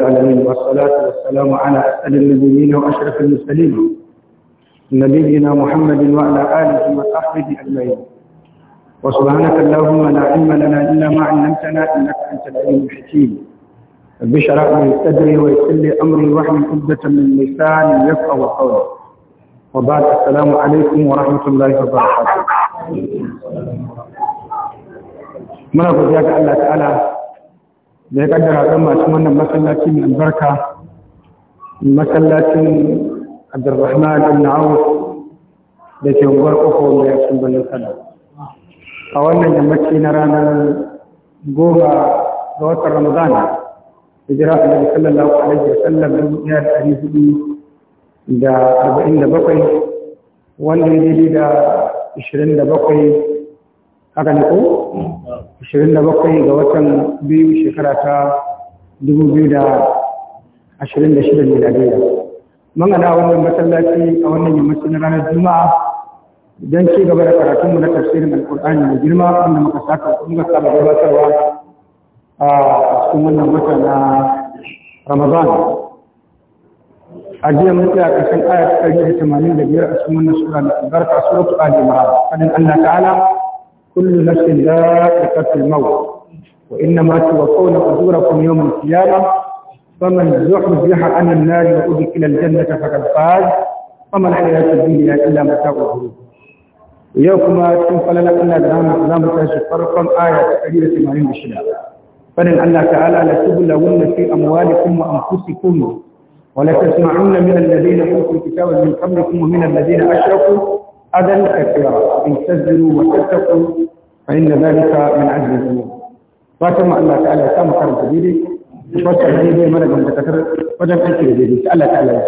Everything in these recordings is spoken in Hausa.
العالمين والصلاة والسلام على أسأل النبيين وأشرف المسلمين نبينا محمد وعلى آله وصحبه أجمعين وسبحانك اللهم لا علم لنا إلا ما علمتنا إنك أنت العليم الحكيم رب اشرح لي صدري ويسر لي أمري واحلل عقدة من لساني يفقهوا قولي وبعد السلام عليكم ورحمة الله وبركاته. ما أبو زياد الله تعالى da ya kaddara ɗan masu wannan masallaci mai albarka masallacin abdurrahman ibn awus da ke unguwar kofa mai ya sun a wannan yammaci na ranar goma ga watan ramadan jira a nabi sallallahu alaihi wa sallam dubu ya da ɗari hudu da arba'in da bakwai wanda ya daidai da ishirin da bakwai haka ne ko 27 ga watan biyu shekara ta 2026 miladiyya mun mangana wannan masallaci a wannan yammacin ranar juma'a don ci gaba da karatunmu na tafsirin alkur'ani da girma wanda muka saka kuma saba gabatarwa a cikin wannan wata na ramadan a jiya mun tsaya ƙarshen ayat 185 a cikin wannan sura na albarka suratul ali imran fadin Allah ta'ala كل نفس ذائقة الموت وإنما توفون أجوركم يوم القيامة فمن زحزح عن النار إلى الجنة فقد فاز وما الحياة الدنيا إلا متاع الغرور ويوكما تنقل لنا دام دام تاشي فرقا آية كثيرة معين يمشي فإن الله تعالى لتبلون في أموالكم وأنفسكم تسمعن من الذين أوتوا الكتاب من قبلكم ومن الذين أشركوا أذى كثيرا إن تزلوا وتتقوا فإن ذلك من عجل الدنيا. فاتم الله تعالى كما كان تبيدي فاتم هذه من من تكثر وجم أنت تبيدي الله تعالى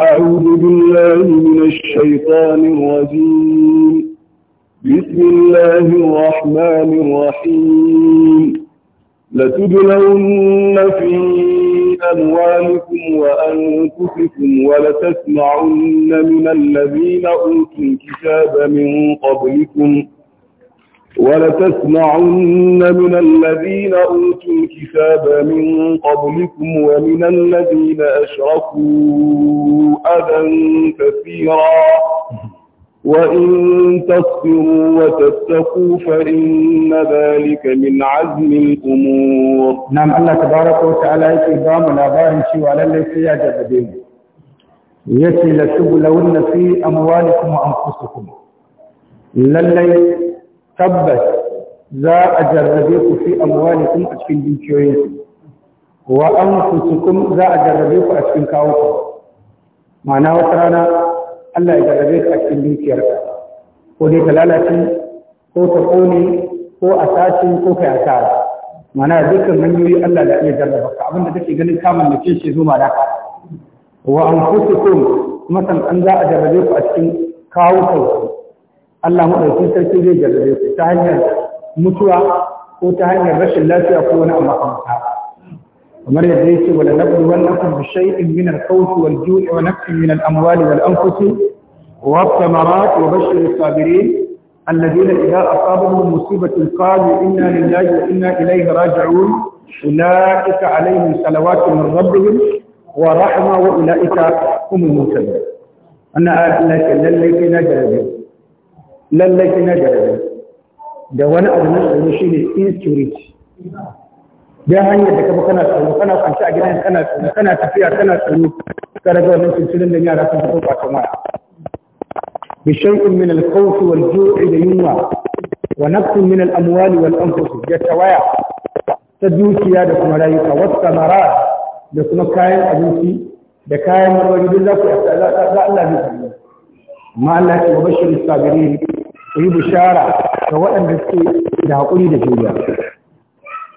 أعوذ بالله من الشيطان الرجيم بسم الله الرحمن الرحيم لتبلون في أموالكم وأنفسكم ولتسمعن من الذين أوتوا الكتاب من قبلكم ولتسمعن من الذين أوتوا الكتاب من قبلكم ومن الذين أشركوا أذى كثيرا وإن تصبروا وتتقوا فإن ذلك من عزم الأمور نعم الله تبارك وتعالى يكرم لا بارن شيء على الذي يجب yace la tubulawunna fi amwalikum wa anfusikum lallai tabbas za a jarrabe ku fi amwalikum a cikin dukiyoyin wa za a jarrabe ku a cikin kawo ku ma'ana rana Allah ya jarrabe ka a cikin dukiyarka ko dai ta lalace ko ta kone ko a sace ko kai asara mana dukkan hanyoyi Allah da iya jarraba ka abinda kake ganin kamun da kin shi zo ma da Wa an anfusukum kuma san an za a jarrabe ku a cikin kawo kanku Allah madaukakin sarki zai jarrabe ku ta hanyar mutuwa ko ta hanyar rashin lafiya ko wani abu makamanta kamar yadda yake wala nabdu wal akum bi shay'in min al khawf wal ju'i wa nafsin min al amwal wal anfus wa thamarat wa bashir al sabirin alladhina idha asabahum musibatun qalu inna lillahi wa inna ilayhi raji'un ulaika alayhim salawatu min rabbihim wa rahma wa ulaika hum al muhtadun anna ayatullahi lalla kana jarabi jarabi da wani abu na shine insecurity dan hanyar da kafa kana tsaro kana kwanci a gidan kana tsaro kana tafiya kana tsaro ka daga wannan cincirin da yara sun tafi kwatan waya bi shay'in min al-khawf wal ju'i da yunwa wa naqsin min al-amwali wal anfus da tawaya ta dukiya da kuma rayuka wa samara da kuma kayan abinci da kayan marmari duk za ku za Allah zai tsare amma Allah ya bashir sabirin ku yi bishara ga waɗanda suke da haƙuri da juriya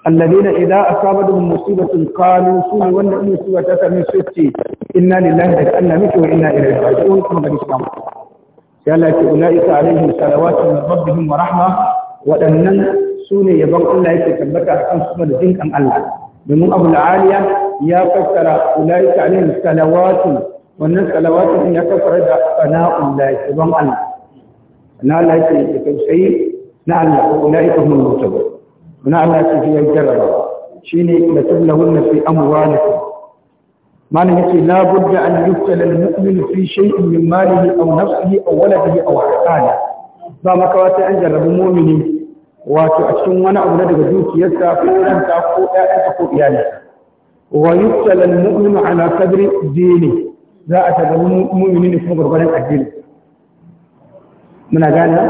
alladina idan asabar da asabatuhum musibatun qalu sunu wannan musiba ta same su ce Ina lillahi da Allah muke wa inna ilaihi raji'un kuma ga islam sai Allah ce ulaika alaihim salawatu min rabbihim wa rahma wadannan sune yaban Allah yake tabbata a kan kuma da jinkan Allah domin Abu Aliya ya fassara ulaika alaihim salawatu wannan salawatu ya fassara da sana'ullahi yaban Allah na Allah yake da kai na Allah ulaika hum mutabun kuna Allah ce shi ya jarraba shi ne la tablahunna fi amwalikum malam yace la budda an yuftala al-mu'min fi shay'in min malihi aw nafsihi aw waladihi aw ahsani ba makawata an jarrabu mu'mini wato a cikin wani abu na daga dukiyarsa ko ranta ko ƴaƴansa ko iyalinsa wa yuftala al-mu'min ala qadri dini za a jarrabu mu'mini ne kuma gurbanin addini muna gane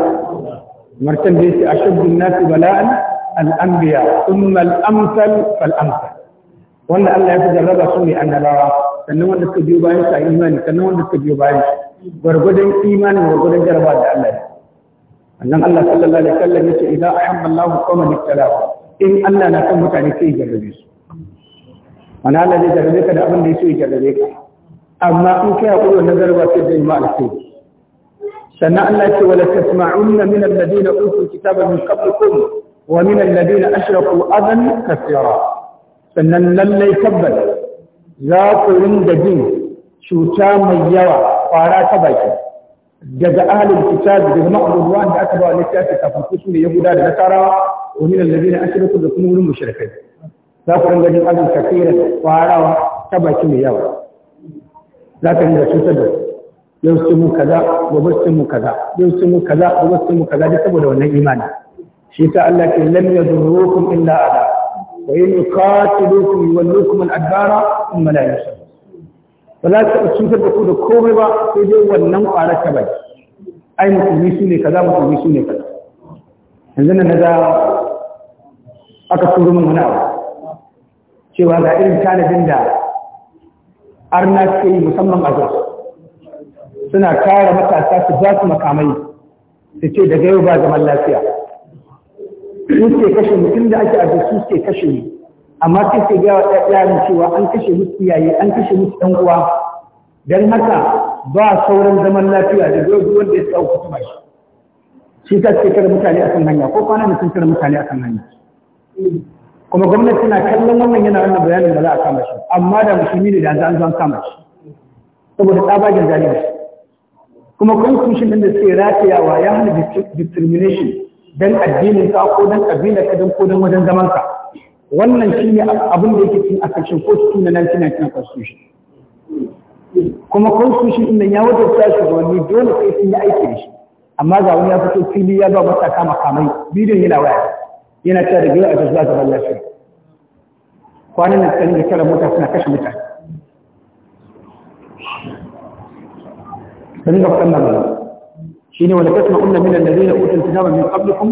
martan da yake ashaddu an-nasi bala'an al'ambiya thumma al'amsal fal amsal wanda Allah ya fi jarraba su ne annabawa sannan wanda suka biyo bayan sa imani sannan wanda suka biyo bayan gwargwadon imani gwargwadon jarraba da Allah ya annan Allah sallallahu alaihi wasallam yace idan ahabba Allah qauman ibtalahu in Allah na kan mutane sai jarrabe su ana Allah zai jarrabe ka da abin da ya so ya jarrabe ka amma in kai hakuri na jarraba sai da ima alkhairi sannan Allah ce wala tasma'unna min alladhina utul kitaba min qablikum wa min alladhina ashraku adan kathira sannan lallai tabbat, za ku rinda jin cuta mai yawa kwara ta baki daga ahalin kitab daga ma'budu da aka ba littafi kafin ku su ne guda da nasara wa min ashirin ku da kuma wurin mushrikai za ku rinda jin azan kathira kwarawa ta baki mai yawa za ka rinda cutar da yau sun mu kaza gobe sun mu kaza yau sun mu kaza gobe sun mu kaza duk saboda wannan imani shi sa Allah ke lam yadurrukum illa ala wa in yuqatilukum yuwallukum al-adbara thumma la yusir ba za su cutar da ku da komai ba sai dai wannan ƙwara ta bai ai mu musulmi su ne kaza musulmi su ne kaza yanzu na za aka turo min wani abu cewa ga irin tanadin da arna ke yi musamman a zuwa suna kare matasa su ba su makamai su ce daga yau ba zaman lafiya suke kashe mutum da ake abu su suke kashe ne amma sai ke gawa yaran cewa an kashe musu iyaye an kashe musu ɗan uwa Don haka ba sauran zaman lafiya da duk wanda ya tsawo kuma shi shi ta ce kare mutane akan hanya ko kwana da sun kare mutane akan hanya kuma gwamnati na kallon wannan yana wannan bayanin da za a kama shi amma da musulmi ne da an an kama shi saboda tsabagen zalunci kuma kuma kushin da suke ratayawa ya hana discrimination dan addinin ka ko dan kabilar ka dan ko dan wajen zaman ka wannan shine abin da yake cikin action ko cikin na 1999 constitution kuma constitution din nan ya wadata shi wani dole sai sun yi aiki da shi amma ga wani ya fito fili ya ba masa kama kamai bidiyon yana waya yana cewa da gaya a jazza ga ban lafiya kwanan nan kan da kara mota suna kashe mutane sun da faɗan nan shine wala tasma'unna min alladhina utul kitaba min qablikum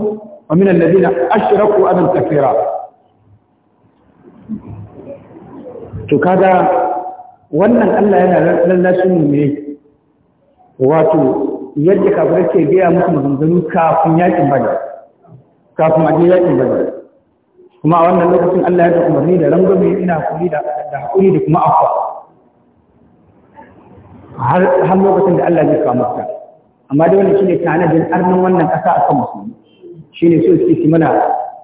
wa min alladhina ashraku adan kathira to kaga wannan Allah yana lallashin ne wato yadda kafirai ke biya musu maganganu kafin yakin badar kafin a je yakin badar kuma a wannan lokacin Allah ya ta umarni da rangwame ina hakuri da hakuri da kuma afwa har lokacin da Allah zai kama ka amma da wannan shine tanadin arnin wannan ƙasa a kan musulmi shine so suke su mana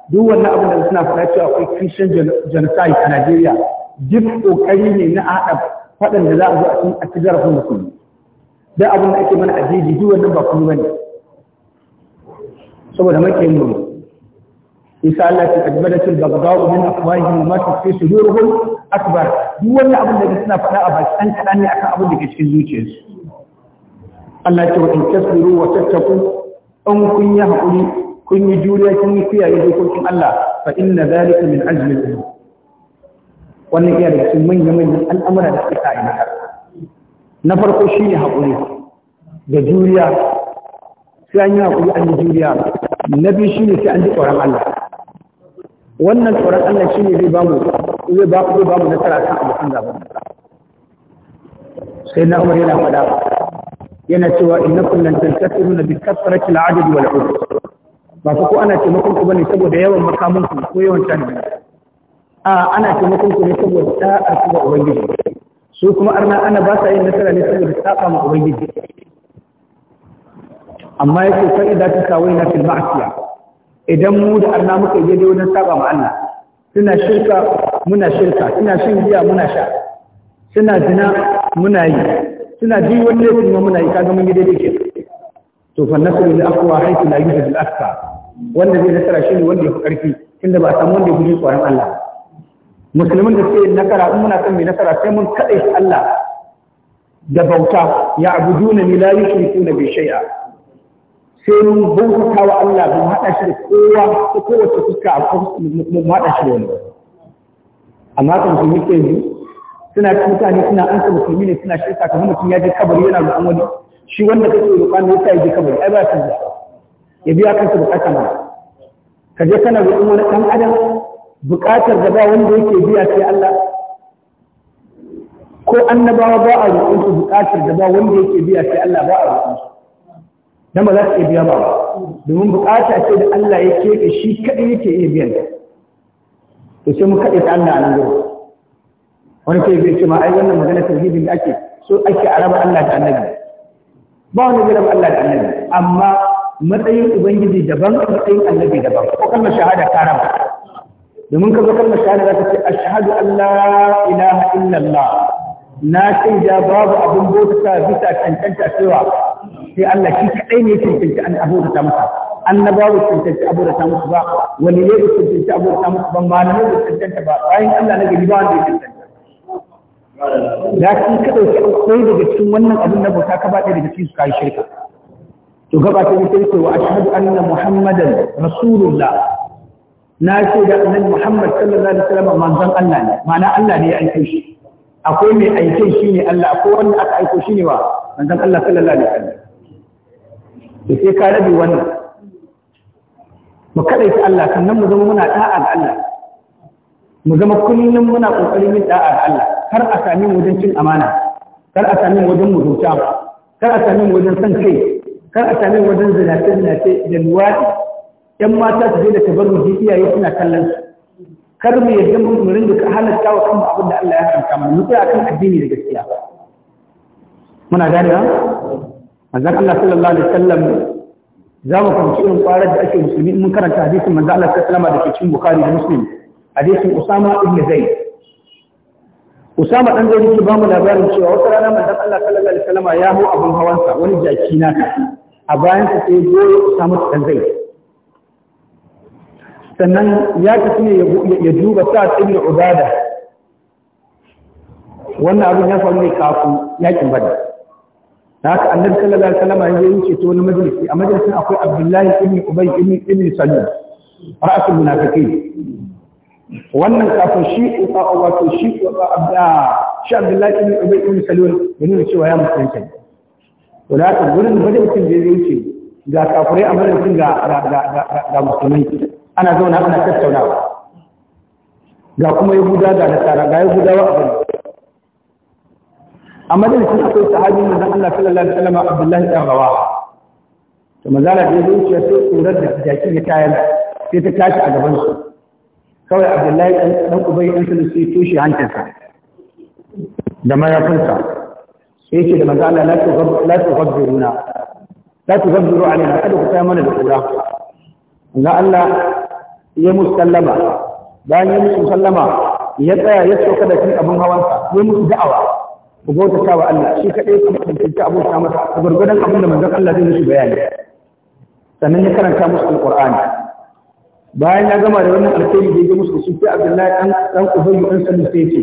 duk wannan abin da suna faɗa cewa akwai christian genocide a Najeriya duk ƙoƙari ne na haɗa faɗin da za a zo a cikin atijar musulmi da abin da ake mana ajiji duk wannan ba kuma bane saboda makiyin mu isa Allah da ta ajbadatul baghdau min afwahihim ma tufi suduruhum akbar duk wannan abin da suna faɗa a baki an kaɗan ne akan abin da ke cikin zuciyarsu Allah ya ce wa in tasbiru wa tattaku in kun yi haƙuri kun yi juriya kun yi kiyaye dokokin Allah fa inna zalika min ajli al wannan iya daga cikin manyan manyan al'amura da suka yi na Na farko shine haƙuri da juriya sai an yi haƙuri an yi juriya na biyu shine sai an ji tsoron Allah wannan tsoron Allah shine zai bamu zai ba ku bamu nasara kan abokan gaba sai na umar yana faɗa yana cewa innakum lan tantasiruna bi kasratil adad wal udud ba fa ko ana taimakon ku bane saboda yawan makaman ku ko yawan tani a ana taimakon ku ne saboda da'a ku ga ubangiji su kuma arna ana ba sa yin nasara ne saboda saba ma ubangiji amma yake fa idan ta kawai na fil ma'siya idan mu da arna muka je daidai wajen saba ma Allah suna shirka muna shirka suna shin giya muna sha suna zina muna yi suna ji wani laifin ma muna yi kaga mun yi daidai ke to fa nasaru li aqwa haythu la yujad al aqsa wanda zai nasara shi ne wanda ya fi karfi inda ba a samu wanda ya guji tsoron Allah musulmin da suke nasara in muna son mai nasara sai mun kaɗai shi Allah da bauta ya abuduna ni la yushrikuna bi shay'a sai mun bauta wa Allah mu haɗa shi da kowa ko kowace fuska a mu haɗa shi da wani amma kan su muke yi suna ta mutane suna an ka musulmi ne suna shirka kamar mutum ya je kabari yana roƙon wani shi wanda ka kake roƙon ne yasa ya je kabari ai ba ta da ya biya kansa bukata ma ka je kana roƙon wani ɗan adam bukatar da ba wanda yake biya sai Allah ko annabawa ba a roƙon su bukatar da ba wanda yake biya sai Allah ba a roƙon su dan ba za su iya biya ba domin bukata ce da Allah ya keɓe shi kaɗai yake iya biyan to sai mu kaɗe ta Allah a nan gurin wani sai zai ce ma ai wannan magana tauhidin da ake so ake a raba Allah da annabi ba wanda zai raba Allah da annabi amma matsayin ubangiji daban matsayin annabi daban ko kalmar shahada ta raba domin ka zo kalmar shahada za ka ce ashhadu an la ilaha illallah na shaida babu abin bauta bisa cancanta cewa sai Allah shi kadai ne cancanci an abota masa annabawa cancanci abota musu ba waliyai cancanci abota musu ba malamai cancanci ba bayan Allah na gari ba wanda ya cancanci da kin ka dauki akwai daga cikin wannan abin da bauta ka bada daga cikin su kai shirka to gaba ta yi ce wa ashhadu anna muhammadan rasulullah na ce da annabi muhammad sallallahu alaihi wasallam manzon Allah ne ma'ana Allah ne ya aike shi akwai mai aike shi ne Allah akwai wanda aka aiko shi ne wa manzon Allah sallallahu alaihi wasallam to sai ka rabi wannan mu kadaita Allah sannan mu zama muna da'a ga Allah mu zama kullum muna kokarin yin da'a ga Allah kar a sami wajen cin amana kar a sami wajen mutunta kar a sami wajen san kai kar a sami wajen zinace zinace da luwaɗi yan mata su je da tabarruji iyaye suna kallon su kar mu yadda mu rinda halatta wa kanmu abin da Allah ya haramta mu mutu akan addini da gaskiya muna gane ba manzon Allah sallallahu alaihi wasallam za mu fahimci irin kwarar da ake musulmi mun karanta hadisin manzon Allah sallallahu alaihi wasallam da ke cikin Bukhari da Muslim hadisin Usama ibn Zaid Usama dan zai yake ba mu labarin cewa wata rana manzon Allah sallallahu alaihi wasallam ya hau abun hawansa wani jaki ka, a bayan sa sai goyo Usama dan zai sannan ya tafi ne ya duba sa ibn Ubada wannan abin ya faru ne kafin yakin Badr haka annabi sallallahu alaihi wasallam ya yi ceto wani majalisi a majalisin akwai Abdullahi ibn Ubay ibn Ibn Salul ra'asul munafiqin wannan kafin shi in ka wato shi ko ba abda shi Abdullahi ibn Ubay ibn Salul yana cewa ya musulunta wala ta gurin da mutum da yake ce ga kafirai a madadin ga ga musulmai ana zauna ana tattaunawa ga kuma ya Yahuda ga Nasara ga ya Yahudawa a bari a madadin akwai sahabi manzon Allah sallallahu alaihi wasallam Abdullahi ibn Rawaha to manzala da ya zuciya sai tsorar da jaki ya tayar sai ta tashi a gaban su kawai abdullahi ɗan ubai ɗan sulu sai toshe hancinsa da mayafinsa sai ce da maza Allah la tu gabbiruna la tu gabbiru alaina kada ku kai mana da kura ga Allah ya musu musallama bayan ya musu musallama ya tsaya ya sauka da cin abin hawansa ya musu da'awa ku bautata wa Allah shi kaɗai kuma tantance abota masa a gwargwadon abin da manzon Allah zai musu bayani sannan ya karanta musu alƙur'ani bayan ya gama da wannan alkhairi da ya musu sun fi abdullahi dan dan ubayyu dan sanin sai ce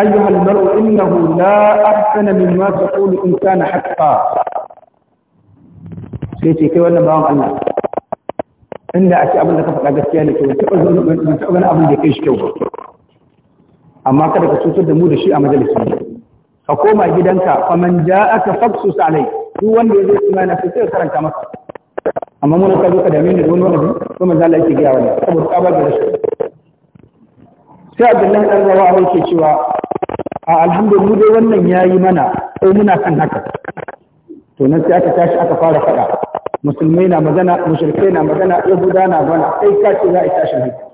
ayyuha al-mar'u innahu la ahsana mimma taqulu in kana haqqan sai ce kai wannan bawan Allah inda ake abin da ka faɗa gaskiya ne kyau taɓa zo ban taɓa ganin abin da kai shi kyau ba amma kada ka cutar da mu da shi a majalisin ka koma gidanka faman ja'aka faqsus alai duk wanda ya zo imani sai ka karanta masa amma mun ka zo ka dame ni da wani wani to manzo Allah yake gaya wani saboda ka ba da rashin sai Abdullahi dan Rawa yake cewa a alhamdulillah dai wannan yayi mana ko muna kan haka to nan sai aka tashi aka fara faɗa musulmai na magana mushrikai na magana yahuda na magana sai ka ce za a tashi hankali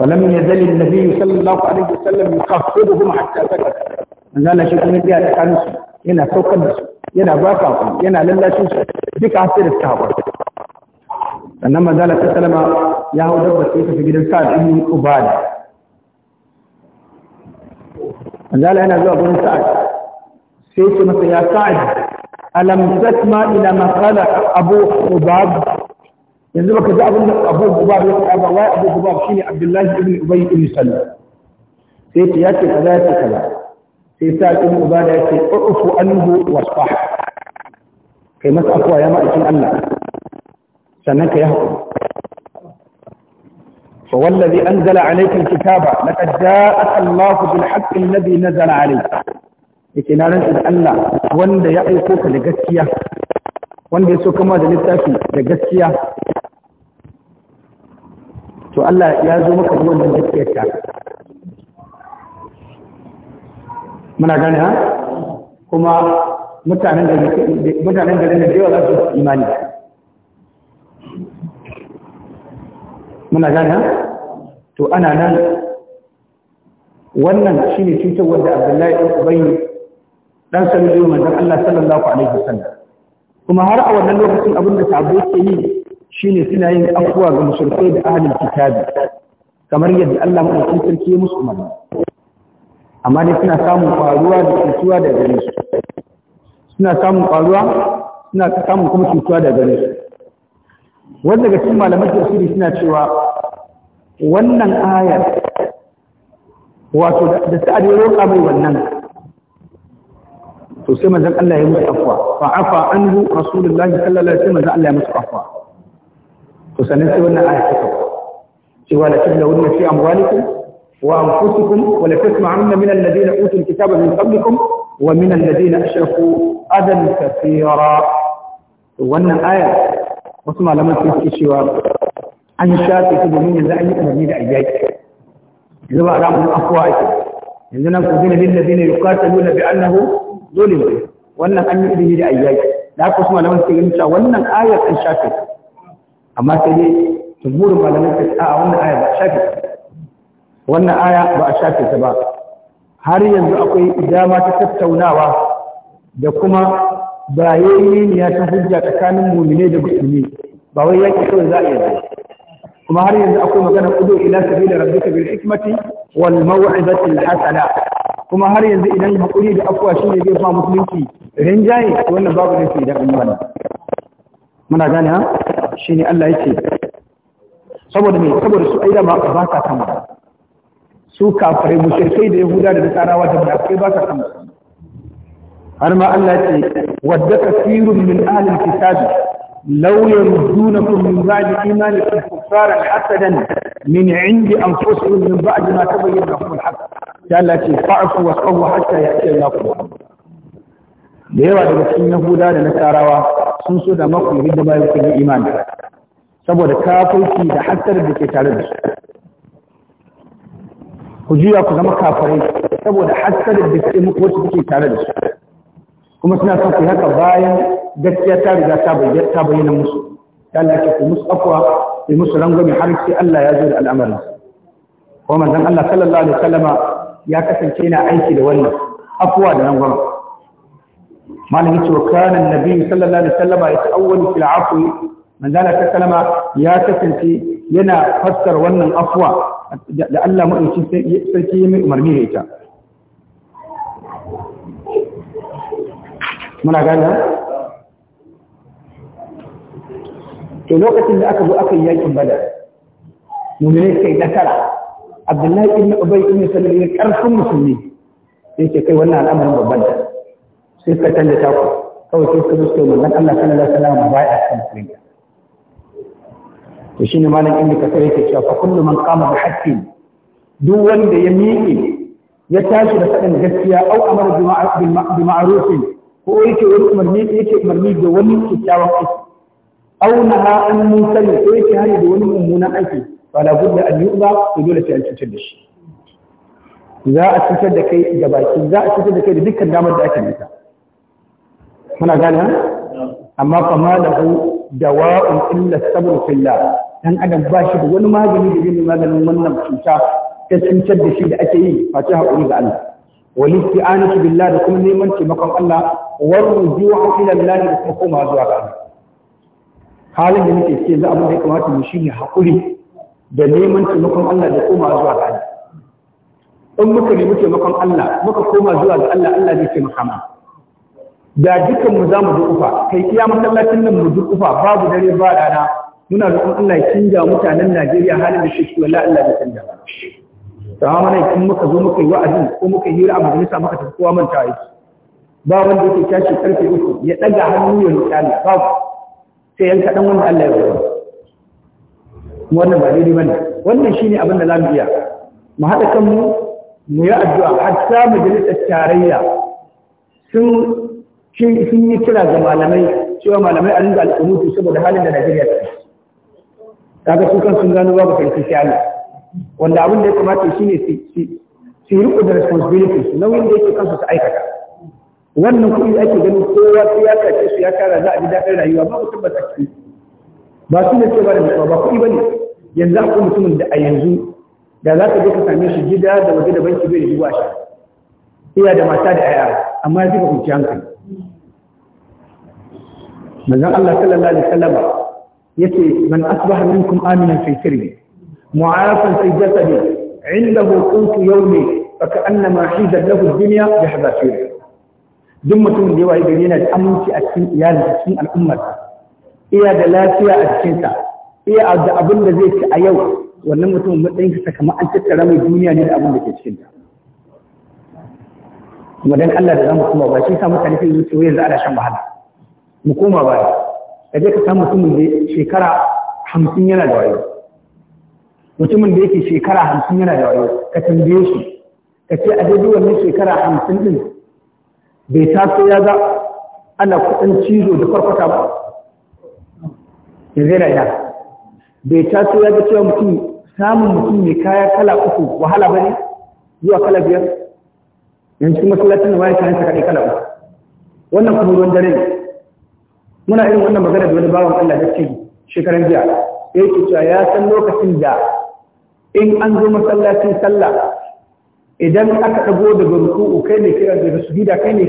فلم يزل النبي صلى الله عليه وسلم يخفضهم حتى سكت من ذلك شيء من ذلك كان yana saukar da su yana ba ka hakuri yana lallashin su duka hasiri suka hakuri sannan manzala ta salama ya hau dabbar sai tafi gidan sa'ad ibn ubada manzala yana zuwa gurin sa'ad sai ce masa ya sa'ad alam tasma ila ma qala abu ubab yanzu baka ji abin da abu ubab ya faɗa ba wai abu ubab shine abdullahi ibn ubay ibn sallam sai ce ya ce kaza ya ce kaza isa ɗin uba da yake ufu anhu wasfa kai masa afuwa ya ma'aikin Allah sannan ka yi haƙuri fa wallazi anzala alayka alkitaba laqad ja'aka Allah bil haqqi alladhi nazala alayka yake na rantsa da Allah wanda ya aiko ka da gaskiya wanda ya so kama da littafi da gaskiya to Allah ya zo maka da wannan gaskiyar muna gane ha kuma mutanen da mutanen ne da za su imani muna gane ha to ana nan wannan shine cutar wanda Abdullahi ibn Ubay ɗan sanin yau manzon Allah sallallahu alaihi wasallam kuma har a wannan lokacin abin da sabo ke yi shine suna yin afuwa ga mushrikai da ahlul kitabi kamar yadda Allah madaukakin sarki ya musu umarni amma dai suna samun faruwa da cutuwa da gare su suna samun faruwa suna samun kuma cutuwa da gare su wanda daga cikin malaman tafsiri suna cewa wannan ayar wato da ta ya roƙa mai wannan to sai manzan Allah ya musu afuwa, fa afa anhu rasulullahi sallallahu alaihi wasallam Allah ya musu afuwa, to sanin sai wannan ayar ta kawo cewa la tabla wa fi amwalikum وأنفسكم ولتسمعن من الذين أوتوا الكتاب من قبلكم ومن الذين اشركوا أذى كثيرا وأن الآية وصمع لما تنسي الشواء أن الشاتف تدومين زعيم المدينة اياك. إذا أرام من أخوائك إذا نفذين للذين يقاتلون بأنه ظلم وأن أن يؤذي إلى اياك. لا تسمع لما تنسي الشواء وأن الآية الشاتف أما تجي تقول ما لم تتأى آه، وأن الآية الشاتف wannan aya ba a shafe ta ba har yanzu akwai dama ta tattaunawa da kuma ne ya ta hujja tsakanin mumine da musulmi ba wai yake kawai za a yanzu kuma har yanzu akwai magana kudu ila sabila rabbika bil hikmati wal maw'izati al hasana kuma har yanzu idan hakuri da afwa shine zai ba musulunci rinjaye wannan babu ne idan an wannan muna gane ha shine Allah yake saboda me saboda su aida ma ba ka kama su kafirai mushrikai da yahuda da nasarawa da munafikai ba sa san har ma Allah ce wadda kafirun min ahlil kitab law yardunakum min ba'di imanikum kuffara hasadan min 'indi anfusihim min ba'di ma tabayyana lahum al-haq ya Allah ce fa'fu wasfahu hatta ya'ti Allahu da yawa daga cikin yahuda da nasarawa sun so da maku da bayan kun yi imani saboda kafirci da hasar da ke tare da su ku juya ku zama kafirai saboda hasadar da take muku wacce kuke tare da su kuma suna son ku haka bayan gaskiya ta riga ta bayyana musu Allah ya ku musu afwa ku musu rangwame har sai Allah ya zo da al'amarin kuma manzon Allah sallallahu alaihi wasallama ya kasance yana aiki da wannan afuwa da rangwame malam cewa wa kana annabi sallallahu alaihi wasallama yata'awwalu fil afwi manzon Allah sallallahu alaihi wasallama ya kasance yana fassara wannan afuwa. da Allah maɗauki sarki mai umarni da ita muna gane to lokacin da aka zo aka yi yakin badar mummune suka yi nasara abdullahi ibn ubay ibn sallam ya ƙarfin musulmi sai ke kai wannan al'amarin babban da sai suka canza taku kawai sai suka zo suka yi wannan Allah sallallahu alaihi wasallam ya kan musulmi to shine malam inda ka sai yake cewa fa kullu man qama bi haqqin duk wanda ya miƙe ya tashi da faɗin gaskiya au amara bi ma'ruf ko yake wani umarni yake umarni da wani kyakkyawan aiki au naha an munkar ko yake hani da wani mummunan aiki fala budda an yuba to dole sai an cutar da shi za a cutar da kai da baki za a cutar da kai da dukkan damar da ake nisa muna gane amma fa ma lahu dawa'un illa sabr fillah dan adam ba shi da wani magani da zai maganin wannan cuta ta cutar da shi da ake yi face haƙuri ga Allah Wani wal isti'anatu billah da kuma neman taimakon Allah war a ila Allah da kuma koma zuwa ga Allah halin da muke cikin za a da ya kamata mu shine haƙuri da neman taimakon Allah da koma zuwa ga Allah in muka nemi taimakon Allah muka koma zuwa ga Allah Allah zai taimaka mana da dukan mu za mu duƙufa kai iya masallacin nan mu duƙufa babu dare ba rana muna roƙon Allah ya canja mutanen Najeriya halin da shi wallahi Allah ya canja ba tawa mana kin muka zo muka yi wa'azi ko muka yi hira a majalisa muka tafi kowa manta yi. ba wanda yake tashi karfe uku ya daga hannu ya rika ne ba sai yanka dan wanda Allah ya rubuta wannan ba daidai bane wannan shine abin da zamu iya mu haɗa kanmu mu yi addu'a sa majalisar tarayya sun sun yi kira ga malamai cewa malamai a rinda al'umutu saboda halin da Najeriya ta kaga su kan sun gano babu karfi sai Allah wanda abin da ya kamata shine su yi rukun da responsibility nauyin da yake kansu su aikata wannan kuɗi da ake ganin kowa su ya kace su ya kara za a ji daɗin rayuwa babu tabbata ciki ba su ne ba da mutuwa ba kuɗi bane yanzu akwai mutumin da a yanzu da za ka je ka same shi gida da waje da banki bai da zuwa shi iya da mata da yaya amma ya fi ka hankali manzon Allah sallallahu alaihi wasallam yace man asbaha minkum aminan fi sirri mu'afan fi jasadi indahu qutu yawmi fa ka'annama hida lahu ad-dunya bi hadathihi duk mutumin da ya wayi gari yana da aminci a cikin iyali a cikin al'ummar iya da lafiya a cikin sa iya da abin da zai ci a yau wannan mutumin matsayin ka kamar an tattara mai duniya ne da abin da ke cikin ta kuma dan Allah da zamu kuma ba shi sa mutane ke zuciya yanzu ana shan wahala mu koma baya ka je ka san mutumin da shekara hamsin yana da wayo mutumin da yake shekara hamsin yana da wayo ka tambaye shi ka ce a daidai wannan shekara hamsin din bai taso ya za ana kudin cizo da farfata ba yanzu yana ina bai taso ya ga cewa mutum samun mutum mai kaya kala uku wahala ba ne zuwa kala biyar yanzu kuma masallacin da wani kayan sa kaɗai kala uku wannan kuma ruwan dare ne muna irin wannan magana da wani bawan Allah da ce shekaran jiya ya yake cewa ya san lokacin da in an zo masallacin sallah idan aka dago daga gurku kai ne kira su sujida kai ne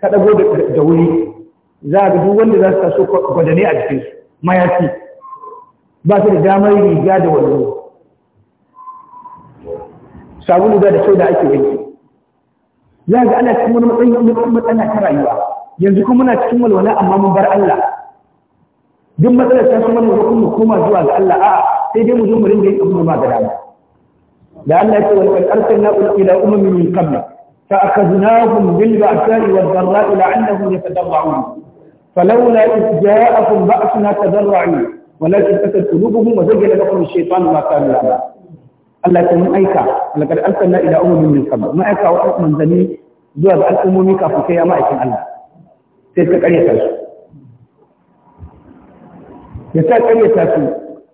ka dago da wuri za ga duk wanda za su taso gwadane a jikin su mayafi ba su da damar riga da wallo sabulu da da da ake yanki za ga ana cikin wani matsala ta rayuwa yanzu kuma muna cikin walwala amma mun bar Allah duk matsalar ta kuma mun kuma koma zuwa ga Allah a'a sai dai mu zo mu ringa yin abu ba ga dama da Allah ya ce wal qad arsalna ila umamin min qabl fa akhadnahum bil ba'sa'i wad dharra'i la'annahum yatadarra'un falawla idh ja'ahum ba'suna tadarra'u walakin qasat qulubuhum wa zayyana lahum ash-shaytanu ma kanu ya'malun Allah ya mun aika laqad arsalna ila umamin min qabl ma aika wa zani zuwa ga al'ummomi kafin kai ya ma'aikin Allah sai suka karyata su ya sa karyata su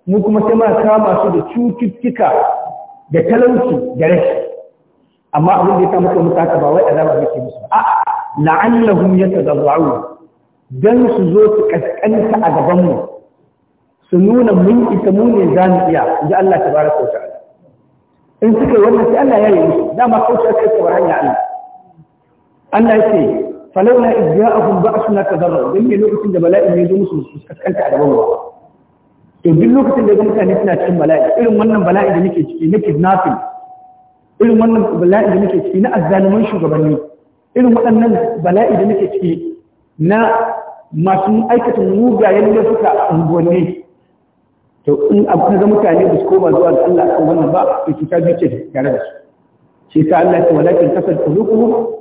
mu kuma sai ma kama su da cututtuka da talauci da rashi amma abin da ya samu kuma muka ba wai azaba muke musu a la'annahum yatazawwa'u dan su zo su kaskanta a gaban mu su nuna mun ita mu ne za mu iya ji Allah tabaraka wa ta'ala in suka yi wannan sai Allah ya yi musu dama kauce kai ka bar hanya Allah Allah ya ce falaula idh ja'ahum ba'suna tadarru dan ne lokacin da bala'in ya zo kaskanta a gaban ruwa to lokacin da ga mutane suna cikin bala'i irin wannan bala'i da nake ciki na kidnapping irin wannan bala'i da nake ciki na azzaluman shugabanni irin waɗannan bala'i da nake ciki na masu aikata mugayen da suka unguwanni to in ga mutane ba su koma zuwa ga Allah kan wannan ba da su shi ta Allah ta walakin kasar kuluku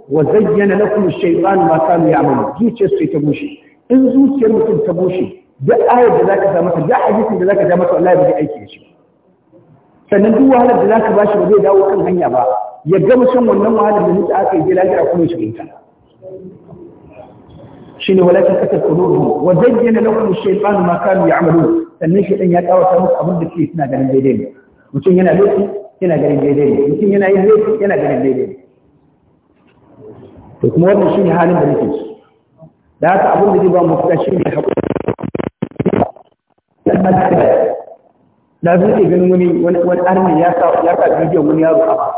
wa zayyana lakum shaytan ma kanu ya'malu zuciyar sai ta bushe in zuciyar mutum ta bushe duk ayar da zaka sa masa duk hadisin da zaka ja masa wallahi bai aiki da shi sannan duk wahalar da zaka bashi ba zai dawo kan hanya ba ya gama shan wannan wahalar da mutum aka yi je lafiya kuma shi rinka shine walakin kasar kuluku wa zayyana lakum shaytan ma kanu ya'malu sannan shi ɗan ya kawata musu abin da ke suna ganin daidai ne mutum yana laifi yana ganin daidai ne mutum yana yin laifi yana ganin daidai ne to kuma wannan shi ne halin da muke ci da haka abin da zai ba mu fita shi ne haƙuri da zai ke ganin wani wani arni ya sa ya sa bidiyon wani yaro a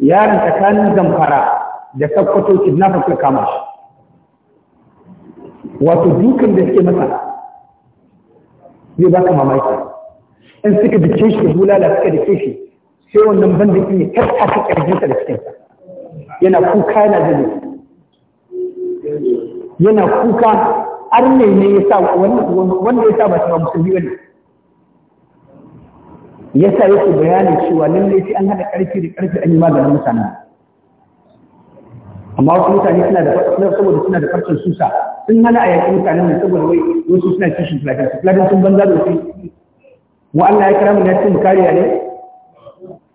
yaron tsakanin zamfara da sakkwato kidnapper kai kama shi wato dukan da suke masa zai baka mamaki in suka dike shi da bulala suka dike shi sai wannan ke ya karka ta ƙarfinsa da cikinsa yana kuka yana zane yana kuka har ne ya sa wanda ya sa ba cewa musulmi ne. ya sa yake bayanin cewa lallai sai an hada ƙarfi da ƙarfi an yi maganin mutane amma wasu mutane suna da saboda suna da farcin susa sun hana a yaki mutanen nan saboda wai wasu suna kishin filatin su filatin sun banza da wasu. mu Allah ya kira mu na cin kariya ne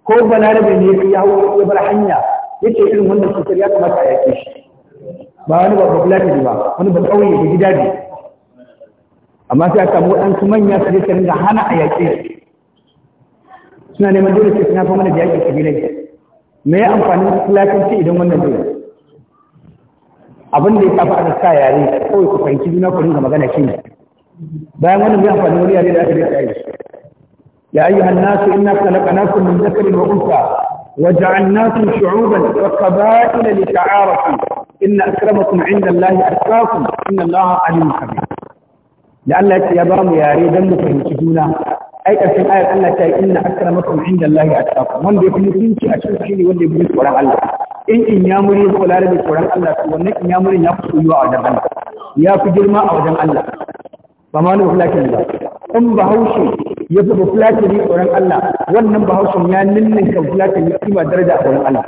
ko balarabe ne ya yawo ya bar hanya yake irin wannan cutar ya kamata a yake shi ba wani babba ne ba wani ba kauye da gida ne amma sai aka mu dan manya su je ringa hana a yake suna neman dole sai suna fama da yake kabilai me ya amfani ce idan wannan dole abin da ya kafa a sa yare kawai ku fahimci juna ku ringa magana shi ne bayan wani mai amfani wani yare da aka rika yi يا أيها الناس إنا خلقناكم من ذكر وأنثى وجعلناكم شعوبا وقبائل لتعارفوا إن أكرمكم عند الله أتقاكم إن الله عليم خبير لألا يا بام يا ريدا مفهمتونا أي كان آية أن تاي إن أكرمكم عند الله أتقاكم وان بيكم يمكن أشوف شيء وان بيكم ولا الله إن إن يامري هو لا ربي ولا الله وان إن يامري نفسه يوا أدم الله يا في جرما أدم الله فما نقول لك الله أم بهوشي ya fi a tsoron Allah wannan bahaushen ya ninninka fulatani kima daraja a wurin Allah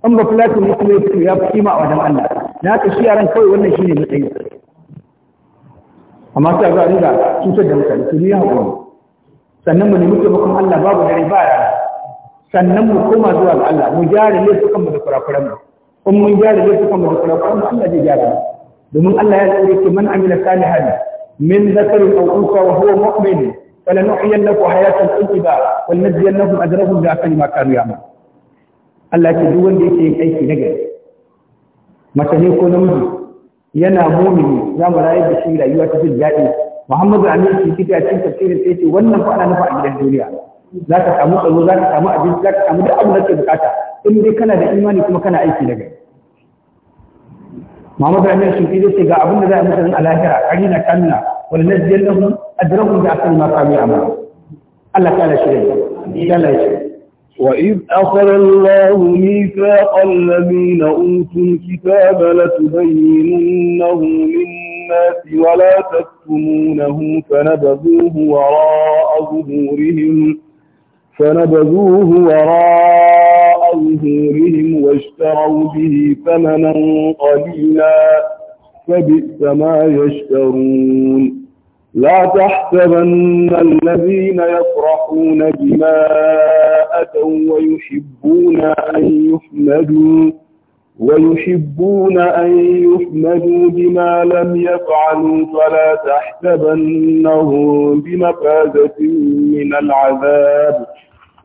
an ba fulatani kuma ya fi kima a wajen Allah na ka shi yaran kawai wannan shi ne matsayi amma sai a riga cutar da mutane su ya haƙuri sannan mu nemi taimakon Allah babu dare ba rana sannan mu koma zuwa ga Allah mu gyara laifukan mu da kurakuran mu in mun gyara laifukan mu da kurakuran mu Allah zai gyara mu domin Allah ya tsare ki man amila salihan min zakarin aw unsa wa huwa mu'min فلنحيينكم حياة طيبة ولنجزينهم أجرهم بأحسن ما كانوا يعملون Allah ce duk wanda yake yin aiki na gari mace ne ko namiji yana mumini za mu rayar da shi rayuwa ta jin daɗi Muhammadu Aminu shi kika cikin tafsirin sai ce wannan fa ana nufa a gidan duniya za ka samu tsaro za ka samu abinci za ka samu duk abin da kake bukata in dai kana da imani kuma kana aiki na gari Muhammadu Aminu shi kika ce ga abin da za a mutane a lahira karina kanna wal najjal lahum أدركوا بأحسن ما كانوا ألا كان تعالى إذا لا شيء وإذ أخذ الله ميثاق الذين أوتوا الكتاب لتبيننه للناس ولا تكتمونه فنبذوه وراء ظهورهم فنبذوه وراء ظهورهم واشتروا به ثمنا قليلا فبئس ما يشترون لا تحسبن الذين يفرحون بما أتوا ويحبون أن يحمدوا ويحبون أن يحمدوا بما لم يفعلوا فلا تحسبنهم بمفازة من العذاب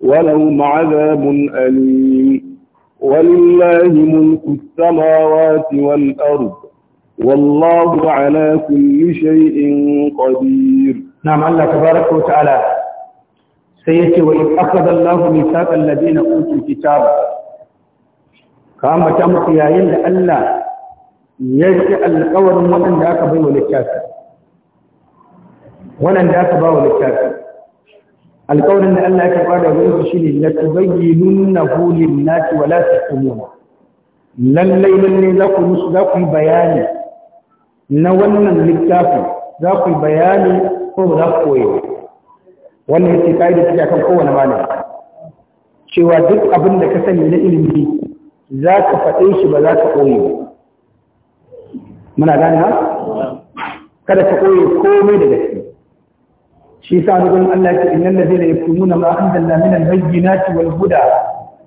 ولهم عذاب أليم ولله ملك السماوات والأرض والله على كل شيء قدير نعم الله تبارك وتعالى سيأتي وإذ أخذ الله ميثاق الذين أوتوا الكتاب كما تم قيائل لألا يجعل يجي القول وأن ذاك بين الكافر وأن ذاك بين الكافر القول أن الله كفار غير شيء لتبيننه للناس ولا تكتمونه لن ليلا لكم ذاك بيانه na wannan littafi za ku bayani ko za ku koyi wannan yake kaida take akan kowane malami cewa duk abin da ka sani na ilimi za ka faɗe shi ba za ka koyi ba muna gane ha kada ka koyi komai da gaske shi sa rubun Allah ya inna innal ladina ma anzalna min al-bayyinati wal huda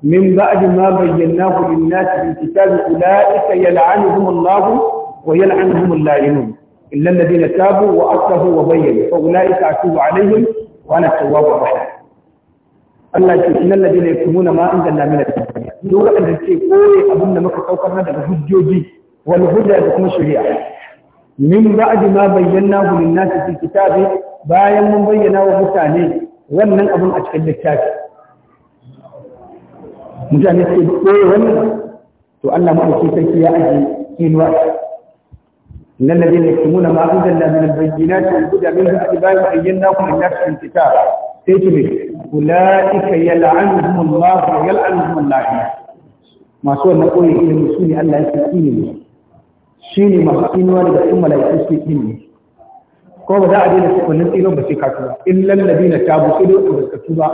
min ba'di ma bayyanahu lin-nasi bil kitabi ulaika yal'anuhum Allahu ويلعنهم اللائمون إلا الذين تابوا وأصلحوا وبينوا فأولئك أتوب عليهم وأنا التواب الرحيم Allah ce inna alladhina yaktumuna ma anzalna min al-bayyinati duk wanda ke koyi abin da muka saukar daga hujjoji wal hujja da kuma shari'a min ba'di ma bayyanahu lin-nasi fi kitabi bayan mun bayyana wa mutane wannan abin a cikin littafi mutane ke koyi wannan to Allah mu ke sarki ya aje kinwa إن الذين يكتمون ما أنزلنا من البينات والهدى منهم أتباع وعيناكم من في الكتاب تجمع أولئك يلعنهم الله ويلعنهم الله ما سوى ما قول إلى المسلمين أن لا يستطيني شيني ما أقينوا لك ثم لا يستطيني قوة ذا عدين سيكون نسيلوا بسيكاتوا إلا الذين تابوا سيدوا بسكتوا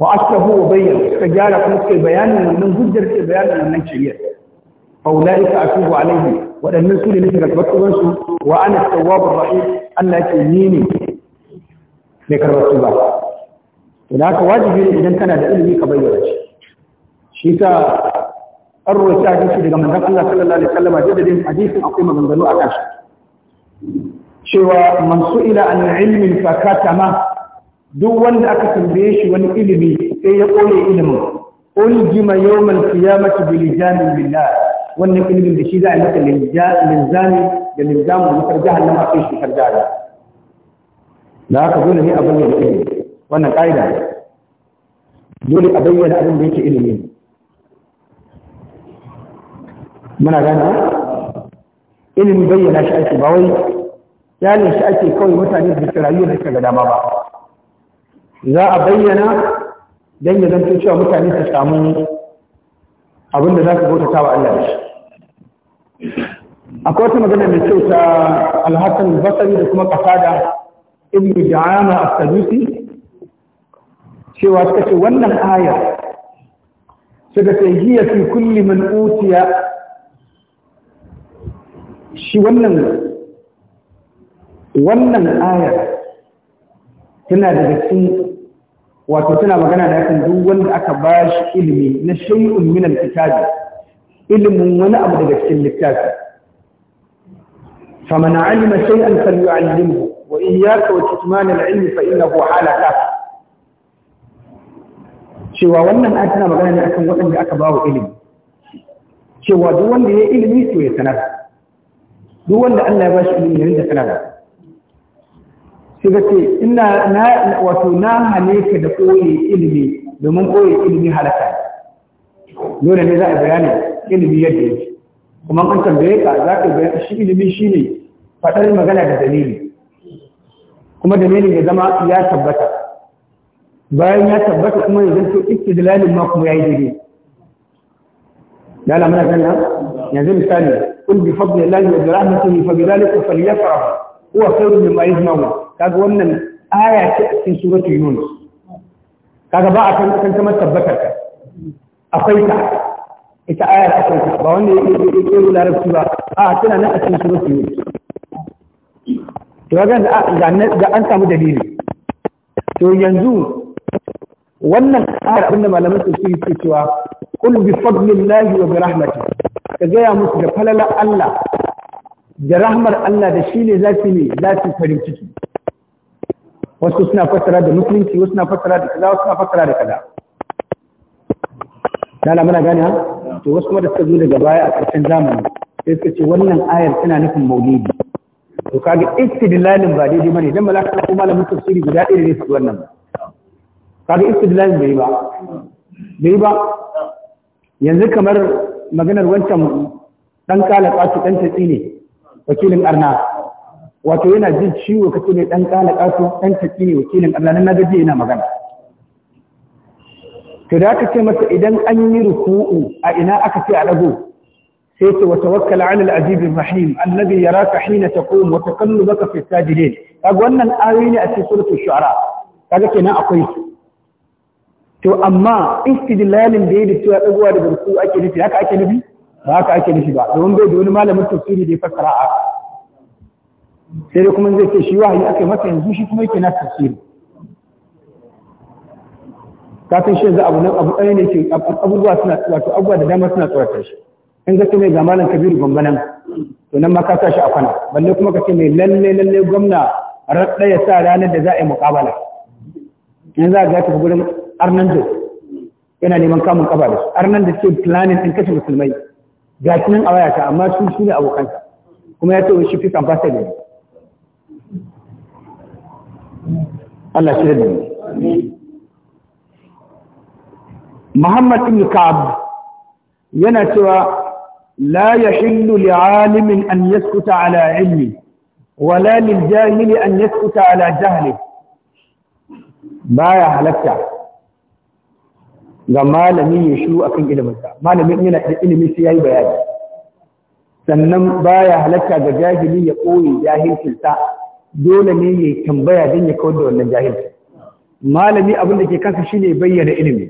وأشتهوا وبيّن استجارة نسك البيان من من هجر البيان من من شيئا faulaika atubu alaihi waɗannan su ne nake karɓar tubansu wa ana tawwabur rahim Allah ke ni ne mai karɓar tuba to haka wajibi ne idan kana da ilimi ka bayyana shi shi ta an roƙi hadisi daga manzon Allah sallallahu alaihi wasallam jaddadin hadisin akwai maganganu a kan shi cewa man su'ila an ilmin fa katama duk wanda aka tambaye shi wani ilimi sai ya koye ilimin uljima yawmal qiyamati bil jamin billah wannan ilimin da shi za a yi maka linzami da linzamin jihar na kai shi kar jahannama da haka dole ne a bayyana ilimi wannan ƙa'ida ne dole a bayyana abin da yake ilimi muna gane ilimi bayyana shi ake ba wai yalin shi ake kawai mutane da suka rayu da suka ga dama ba za a bayyana don ya zanto cewa mutane su samu abin da za su bauta wa Allah da shi akwai wata magana mai kyau ta alhassan basari da kuma kasada ibn ja'ama as-sadusi cewa suka ce wannan aya suka ce hiya fi kulli man utiya shi wannan wannan aya tana daga cikin wato tana magana da kan duk wanda aka ba shi ilimi na shay'un min al-kitabi ilimin wani abu daga cikin littafi فمن علم شيئا فليعلمه وإياك وكتمان العلم فإنه حالك cewa wannan ayat magana ne akan waɗanda aka bawa wa ilimi cewa duk wanda ya ilimi to ya sanar duk wanda Allah ya ba shi ilimi yayin da sanar sai wato na hane ka da koyi ilimi domin koyi ilimi halaka dole ne za a bayani ilimi yadda yake kuma an tambaye ka za ka bayani shi ilimi shine faɗar magana da dalili kuma dalilin ya zama ya tabbata bayan ya tabbata kuma ya zanto istidlalin ma kuma ya yi yayi daidai لا لا من يعني مثال قل بفضل الله وبرحمته فبذلك فليفرح هو خير مما يجمعون كذا wannan aya ce cikin suratul yunus kaga ba a kan kan kamar tabbatar ka akwai ta ita ayar akwai ta ba wanda ya yake yake larabci ba a tana nan a cikin suratul yunus to ga an samu dalili to yanzu wannan ƙara abin da malaman su yi ce cewa kul bi fadlillahi wa bi rahmati ka gaya musu da falala Allah da rahmar Allah da ne za su ne za su farin ciki wasu suna fassara da musulunci wasu suna fassara da kaza wasu suna fassara da kaza kana muna gane ha to wasu kuma da suka zo daga baya a ƙarshen zamani sai suka ce wannan ayar tana nufin maulidi to kaga istidlalin ba daidai bane dan malaka ko malamin tafsiri guda ɗaya ne su wannan kaga istidlalin bai ba bai ba yanzu kamar maganar wancan dan kalaka su dan tatsi ne wakilin arna wato yana jin ciwo kace ne dan kalaka su dan tatsi ne wakilin arna nan naga yana magana to da aka ce masa idan an yi ruku'u a ina aka ce a dago sai ce wata wakala alal azizir rahim annabi ya raka hina ta kuma wata kallu baka fi sajidin kaga wannan ayoyi ne a cikin suratul shu'ara kaga kenan akwai su to amma istidlalin da yake cewa dagowa da burku ake nufi haka ake nufi ba haka ake nufi ba domin bai da wani malamin tafsiri da ya fassara a sai dai kuma zai ce shi wahayi aka yi masa yanzu shi kuma yake na tafsiri kafin shi yanzu abu nan abu ɗaya ne ke abubuwa suna wato abubuwa da dama suna tsoratar shi in ka ce mai ga malam kabiru gombe to nan ma ka sa shi a kwana balle kuma ka ce mai lalle lalle gwamna raɗa ya sa ranar da za a yi muƙabala in za a ga tafi gurin arnando yana neman kamun kafa da su arnando ce planning ɗin kashe musulmai ga shi nan a wayata amma su su ne abokansa kuma ya ce shi fi kamfasa ne Allah shi da ne Muhammad ibn Ka'ab yana cewa لا يحل لعالم أن يسكت على علمه ولا للجاهل أن يسكت على جهله baya halatta ga malami ya shiru akan iliminsa malamin yana da ilimi sai yayi bayani sannan baya halatta ga jahili ya koyi jahilcinsa dole ne ya tambaya don ya kawar da wannan jahilci malami abin da ke kansa shine bayyana ilimi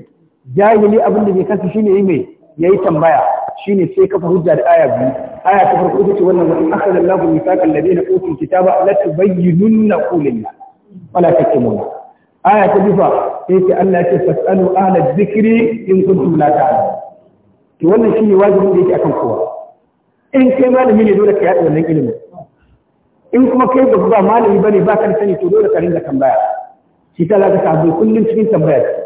jahili abin da ke kansa shine yi mai yi tambaya shine sai kafa hujja da aya biyu aya ta farko ita ce wannan wa in akhadha Allahu mithaqal ladina utul kitaba la tubayyinunna qulillah wala taktumuna aya ta biyu sai ce Allah ya ce fasalu ahla dhikri in kuntum la ta'lamun to wannan shi ne wajibin da yake akan kowa in kai malami ne dole ka yaɗa wannan ilimin in kuma kai ba ba malami bane ba ka sani to dole ka ringa tambaya shi ta zaka sabu kullun cikin tambaya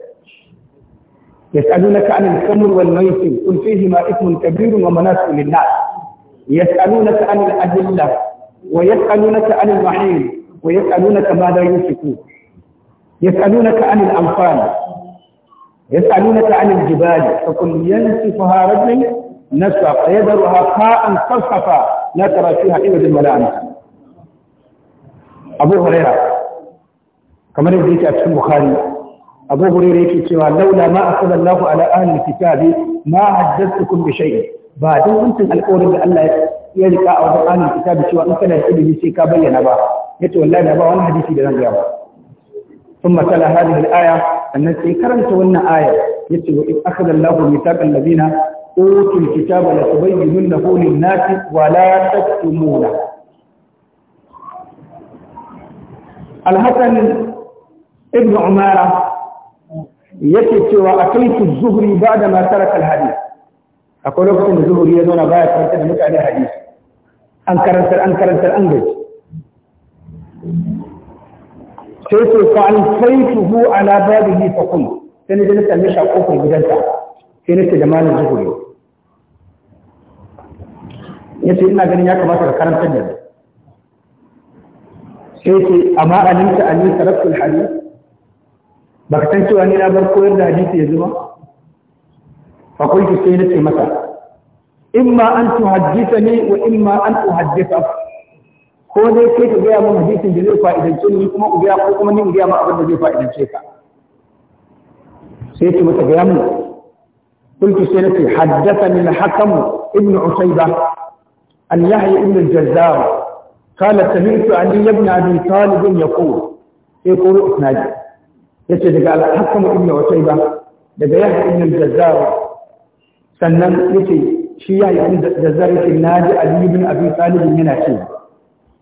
يسألونك عن الخمر والميسر قل فيهما إثم كبير ومنافع للناس يسألونك عن الأدلة ويسألونك عن المحيط ويسألونك ماذا ينفقون يسألونك عن الأنفال يسألونك عن الجبال فقل ينسفها رجل نسفا فيذرها قاء صرصفا لا ترى فيها عوجا ولا أبو هريرة كما يقول في البخاري abu hurairu yake cewa laula ma asallallahu ala ahli kitabi ma haddathukum bi shay'in ba dan wancan alƙawarin da Allah ya rika a wajen ahli kitabi cewa in kana da ilimi sai ka bayyana ba yace wallahi da ba wani hadisi da zan ga ba ثم تلا هذه الآية أن سيكرمت وأن آية يتي وإذ أخذ الله ميثاق الذين أوتوا الكتاب لتبيننه للناس ولا تكتمونه الحسن ابن عمارة yake cewa akaitu zuhri ba'da ma taraka al akwai lokacin da zuhri ya zauna baya karanta da mutane hadisi an karantar an karantar an gaji sai ce fa alfaituhu ala babihi fa kun sai ne da nake mishi a kofar gidansa sai nake da malam zuhri yace ina ganin ya kamata ka karantar da sai ce amma alimta anni taraktu al-hadith ba ka san cewa ni na bar koyar da hadisi yanzu ba fa kuntu sai nace masa imma an tuhaddithani wa imma an tuhadditha ko dai kai ka gaya min hadisin da zai fa'idance ni kuma ku gaya ko kuma ni gaya ma abin da zai fa'idance ka sai ce mata gaya min kuntu sai nace haddathani al-hakam ibn usayba an yahya ibn al-jazzar قال سمعت علي بن ابي طالب يقول يقول اسنادي yace daga al-hakam ibn utayba daga yahya ibn al-jazzar sannan yace shi yahya ibn al-jazzar yace naji ali ibn abi talib yana ce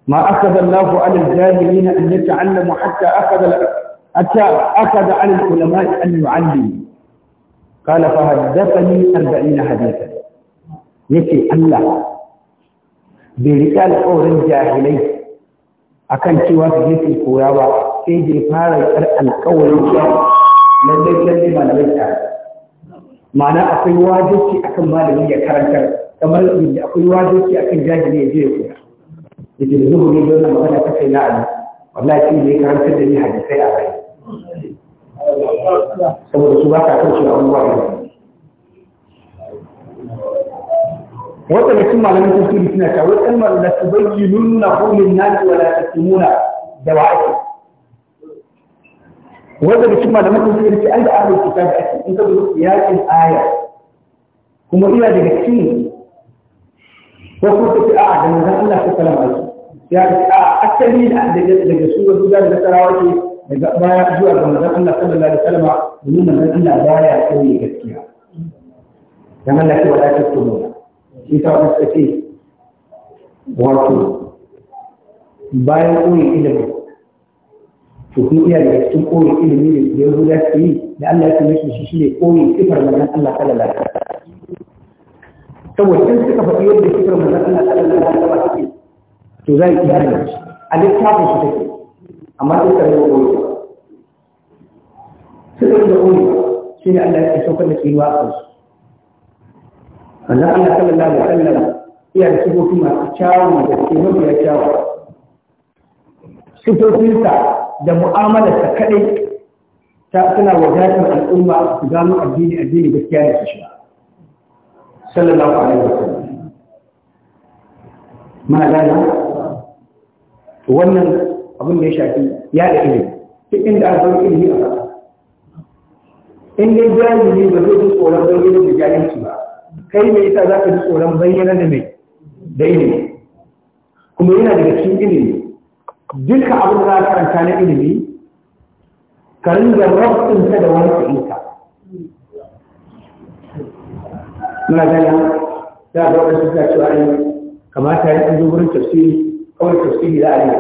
ma akada Allahu ala al-jahilin an yata'allamu hatta akada hatta akada ala al-ulama an yu'allimu قال فحدثني 40 حديثا yace Allah bai riƙe alƙawarin jahilai akan cewa su je su koya ba sai da ya fara yar alƙawarin cewa lallai lallai malamai tare ma'ana akwai wajibci akan malami ya karantar kamar yadda akwai wajibci akan jajiri ya je ya koya da ke zuhu ne don magana ta kai na'ali wallahi shi ne karantar da ni hadisai a bai saboda su ba ka kan cewa abubuwa ne waɗanda cin malamin tafsiri suna ta waɗannan da su bayyinun na hulun nasi wala tattimuna da wa'aki wanda da cikin malaman sun suka ce ai da ahlul kitab ake in ka zo yakin aya kuma ina daga cikin ko ko ta ce a da manzon Allah ta sallama shi ya ce a asali da daga su wasu da nasarawa ke daga baya zuwa ga manzon Allah sallallahu alaihi wasallam domin manzon Allah baya koyi gaskiya dan Allah ke wada ta tuno shi ta wasu ce wato bayan koyi ilimin to kun iya daga cikin koyi ilimi da yahuda ke yi da Allah ya kuma shi shi ne koyi sifar manzon Allah sallallahu alaihi wasallam saboda in suka faɗi yadda sifar manzon Allah sallallahu alaihi wasallam take to za a iya da shi a littafin shi take amma sai ka rubuta koyi sifar da koyi shi ne Allah ya saukar da kiwa a kansu manzon Allah sallallahu alaihi wasallam iya da sifofi masu kyawun da ke mafiya kyawu sifofinsa da mu'amalarsa kaɗai ta suna wadatar al'umma su gano addini addini gaskiya ne su shiga sallallahu alaihi wasallam mana gana wannan abin da ya shafi ya da ilimi duk inda an san ilimi a ƙasa in dai jahili ba zai ji tsoron bayyana da jahilci ba kai me yasa za ka ji tsoron bayyana da mai da ilimi kuma yana daga cikin ilimi duka abin da za a karanta na ilimi ka ringa rabtinsa da wani sa'inka muna gaya za a ga wadansu suna cewa ne kamata ya ɗan wurin tafsiri kawai tafsiri za a yi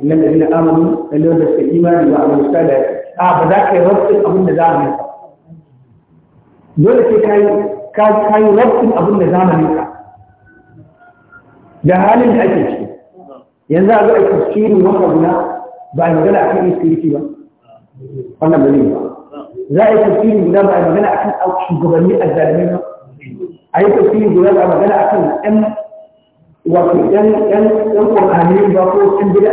innan da zina amanu lalle wanda suka imani ba a musta da a ba za ka yi rabtin abin da zamani ka dole sai ka yi ka yi rabtin abin da zamani ka da halin da ake ciki yanzu a zai tafsirin wata guda ba a magana akan insecurity ba wannan ba ne ba za a yi tafsirin guda ba a magana akan shugabanni a zalimai ba a yi tafsirin guda ba a magana akan yan wato yan yan yan kwanani ba ko yan bida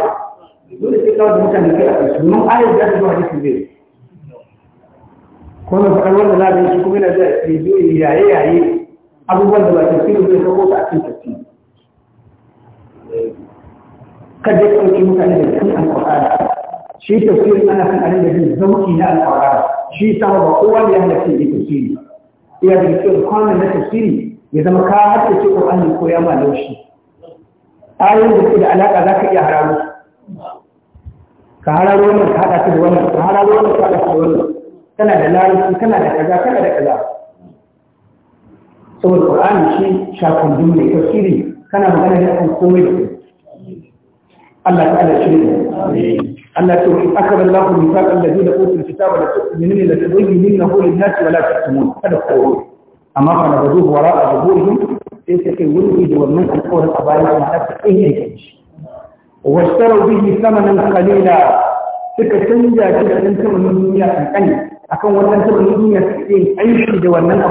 dole sai kawai da mutane kai a kansu domin ayar da ta zo hadisin zai ko na faɗar wanda za a yi shi kuma yana da yaye yaye abubuwan da ba tafsirin zai kawo ta a cikin tafsirin kada ya ɗauki mutane da cikin alƙur'ani shi tafsirin ana kan arin da jin zauki na alƙur'ani shi sama ba kowa da ya halatta ya tafsiri iya da cikin kwanan na tafsiri ya zama ka haddace ƙur'ani ko ya ma shi ayoyin da ke da alaƙa za ka iya hararo ka hararo wannan ka haɗa da wannan ka hararo wannan ka haɗa da wannan kana da larabci kana da kaza kana da kaza saboda ƙur'ani shi shafin jumla tafsiri kana magana da kan komai da komai Allah ta'ala shirya Allah ta wuce aka balla ku misal allazi da utul kitaba da tu'minuna la tubayyinuna hu lin-nasi wa la taktumun kada ko amma fa na bazu wara a zuhurihim sai sai kai wuri da wannan alƙawarin a bayan kuma har sai ya kai shi washtaru bihi samanan qalila suka canja shi da dan tamanin duniya kankani akan wannan tamanin duniya suke yin aiki da wannan da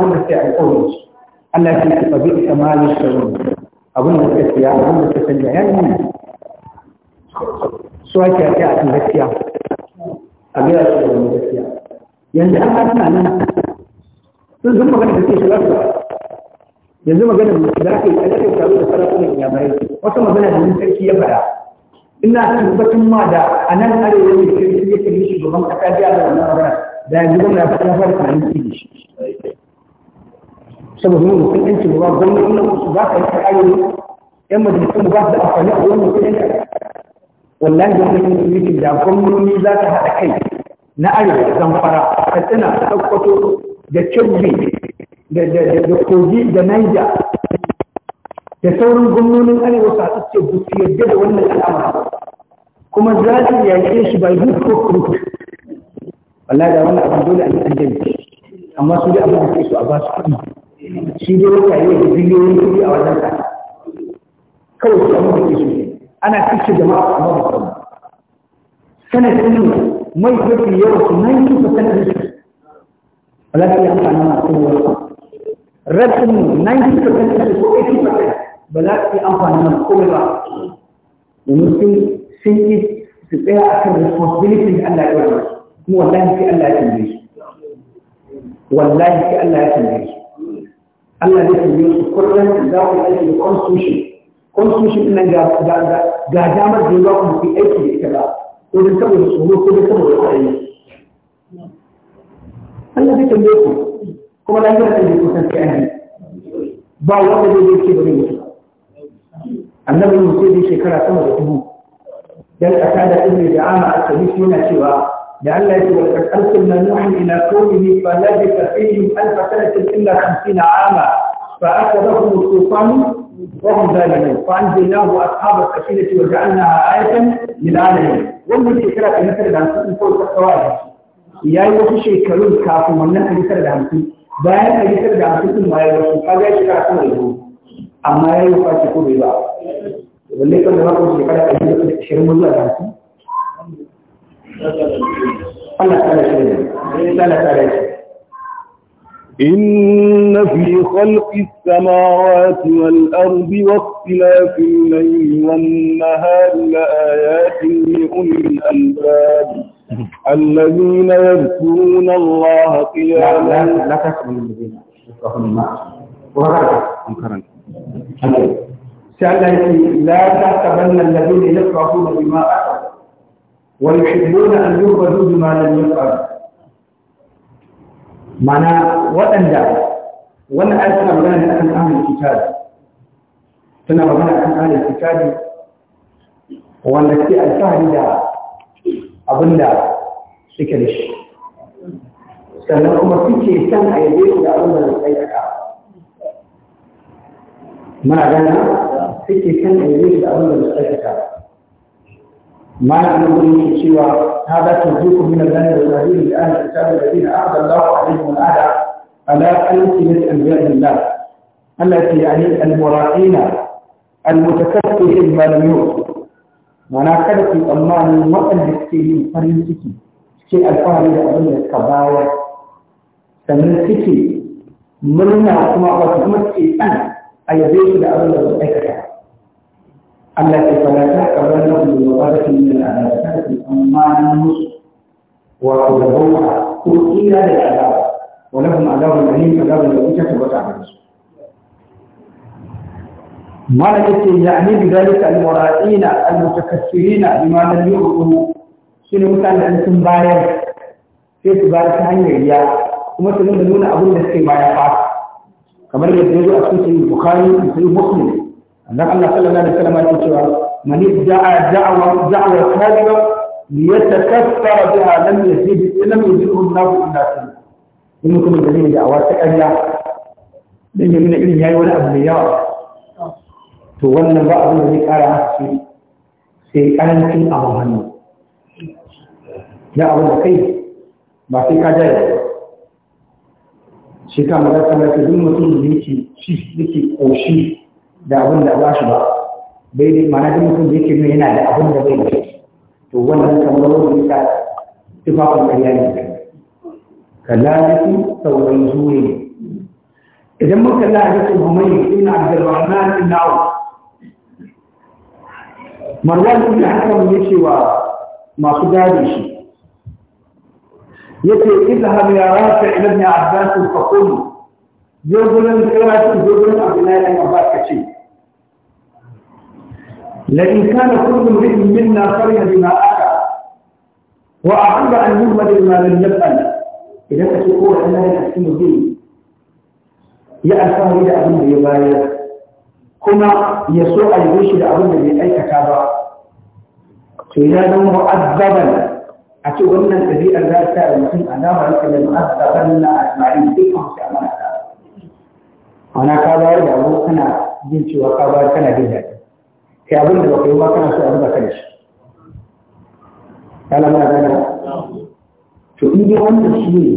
Allah ya abin da siya da su ake yaƙi a kan gaskiya a gaya su da wani gaskiya yanzu an kan suna nan sun zama gani da ke shiga su yanzu magana da aka yi ƙarfi taro da sarakunan yamurai wata magana da wani sarki ya faɗa ina tabbatin ma da a nan arewa ne sarki ya kalli shugaban ƙasa biya da wannan magana da yanzu gwamna ya fara tunanin kiri shi saboda mun mutum yanci ba gwamnati ba ka yi ta arewa yan majalisun ba su da amfani a wurin mutum yanci Wallan da kuma mitin da gwamnoni za ta haɗa kai na arewa zamfara katsina sokoto da kirby da kogi da naija da sauran gwamnonin arewa su haɗu ce ba su yarda da wannan al'amari kuma za su yaƙe shi ba hook ko crook wallahi da wannan abin dole a yi an jami amma su dai abin da su a ba su kuɗi shi dai wata yi da biliyoyin kuɗi a wannan kawai su abin da ke su. ne ana kashe jama'a amma ba su sanadin mai kafi yawa su 90% risk lafiya amfani na kowa rabin 90% risk ko 80% ba za su yi amfani na kowa ba domin sun sun yi su tsaya a kan responsibility da Allah ya wani kuma wallahi sai Allah ya tambaye su wallahi sai Allah ya tambaye su Allah ya tambaye su kullum za ku yi aiki da constitution constitution ɗin nan ga ga damar da ya ku ku aiki da ita ba ko dan saboda tsoro ko dan saboda tsayi Allah zai tambaye ku kuma lafiya ta je kusan sai an ba wanda zai je ce ba zai mutu annabi mu sai shekara sama da dubu dan kasa da ibnu da'ama at shi yana cewa da Allah yake wa qad arsalna nuhan ila qaumihi fa la labitha fihim alf sanatin illa 50 ama فأخذهم الطوفان وهم ظالمون فأنزلناه أصحاب السفينة وجعلناها آية للعالمين wannan shekara ta nasar da hamsin a ta kawai ya yi wasu shekarun kafin wannan halittar da hamsin bayan halittar da hamsin din ma ya wasu ka ga shekara ta mai zuwa amma ya yi fashe ko bai ba balle kan da ma ko shekara ta yi da ashirin zuwa da hamsin Allah da shi ne Allah ta da shi إن في خلق السماوات والأرض واختلاف الليل والنهار لآيات لأولي الألباب الذين يذكرون الله قياما لا لا تكفر الذين لا تحسبن الذين يفرحون بما أحد ويحبون أن يخرجوا بما لم يفعلوا mana waɗanda wannan ayat suna magana ne akan ahlul kitab suna magana akan ahlul kitab wanda ke alfahari da abinda suke da shi sannan kuma suke san a yabe su da abin da zai aikata muna gana suke san a yabe su da abin da zai aikata mana nufin yake cewa ta za ta zuku min Allah da zahiri da ana ta tabi da dina aka Allah wa alaihi wa ala ala alaihi wa alaihi wa alaihi wa alaihi wa kada ku tsammanin waɗanda suke farin ciki suke alfahari da abin da suka baya sannan suke murna kuma ba su kuma ce ɗan a yabe su da abin da su aikata التي فلا تحكم لهم بوقاية من العذاب الأمان نصف وتدبرها تؤتي للعذاب ولهم عذاب أليم عذاب الذي كسبت ما مالك يعني بذلك المرائين المتكسرين بما لم يؤتوا شنو مثلا أنتم تنبايع في تبارك عن الرياء kuma su nuna nuna abin da suke baya fa kamar yadda ya zo a cikin Bukhari da Muslim annabi Allah sallallahu alaihi wasallam ce cewa man da'a da'wa da'wa kadiba liyatakaffara biha lam yazid lam yazidhu an-nar illa sin in kuma da zai da'awa ta ƙarya dan ya nuna irin yayi wani abu mai yawa to wannan ba abin da zai kara shi sai karancin abu hannu ya abin da kai ba sai ka jaya shi ka magana kamar duk mutum da yake shi yake koshi da abin da ba shi ba bai dai mana da mutum da yake nuna yana da abin da bai da shi to wannan kamar wani ta tufafin ƙarya ne kalalaki sauran zuwe idan mun kalla a cikin humayi ibn abdurrahman ibn auf marwan ibn hakan yace wa masu gadi shi yace idhab ya rafi ibn abbas fa qul jogulun qira'atu jogulun abdullahi ibn abbas لئن كان كل امرئ منا فرح بما أتى وأحب أن يهمل ما لم يفعل إذا تقول أنا يحسن به يا أفهم إذا أبن يبايع كما يسوع يبيش إذا ابي أي كتابة فإذا لم مؤذبا أتو أن الذي أزال المسلم أنا رأيك لم أذبن اجمعين فيكم سأمان أنا كابار يا أبو أنا جنتي وكابار كان جدا kai abin da baka ba kana so a zuba kan shi kana mana gana to in dai wannan shi ne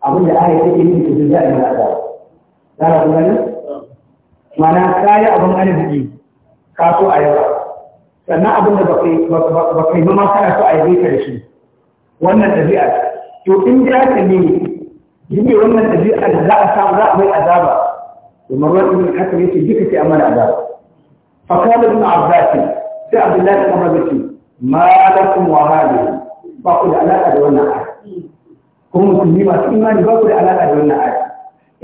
abin da aya take yi to zai yi mana azaba kana kuma ne mana kai abin arziki ka so a yawa sannan abin da baka yi ba ma kana so a yi ka da shi wannan ɗabi'a to in dai haka ne jini wannan ɗabi'ar da za a samu za a mai azaba da marwan ibn hakan yake duka sai an mana azaba فقال ابن عباس في عبد الله بن عمر ما لكم وهذه فقل ألا أدعونا آية هم مسلمين ما إيمان فقل ألا أدعونا آية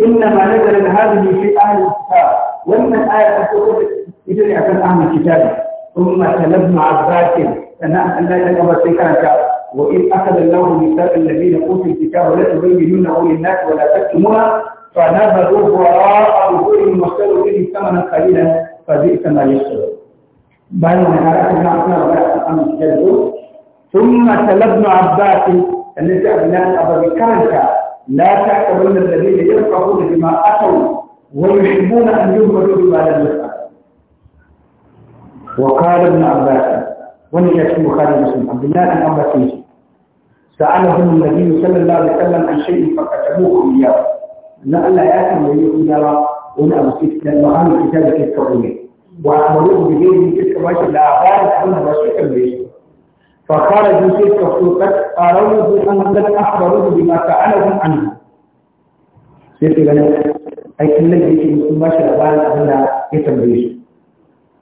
إنما نزل هذه في أهل الكتاب وإن الآية تقول إذن أكل أهل الكتاب ثم سلبنا عباس أنا أن لا يجب سكانك وإن أخذ الله ميثاق الذين أوتوا الكتاب ولا تبينونه للناس ولا تكتمونه فنبذوه وراء ظهورهم واشتروا به ثمنا قليلا فبئس ما يشترون بل نهارتنا عطنا وقت أن تجدوا ثم ابن عباس الذي أبناء أبا بكرنك لا تحسبن الذين يرفعون بما أتوا ويحبون أن يهملوا بما لم يفعلوا وقال ابن عباس ونجت بخاري مسلم عبد الله بن عباس سألهم النبي صلى الله عليه وسلم عن شيء فكتبوه إياه لأن لا يأتي من يقول wani abu sai ta ma'amu ita da kai kawai ne wa amaru da zai yi iska ba shi labarin da ba shi tambaye shi fa kara jin sai ka so kad arawu bi an kad akhbaru bi ma ta'alahu anhu sai ta ganin aikin nan da yake mutum ba shi labarin abin da ya tambaye shi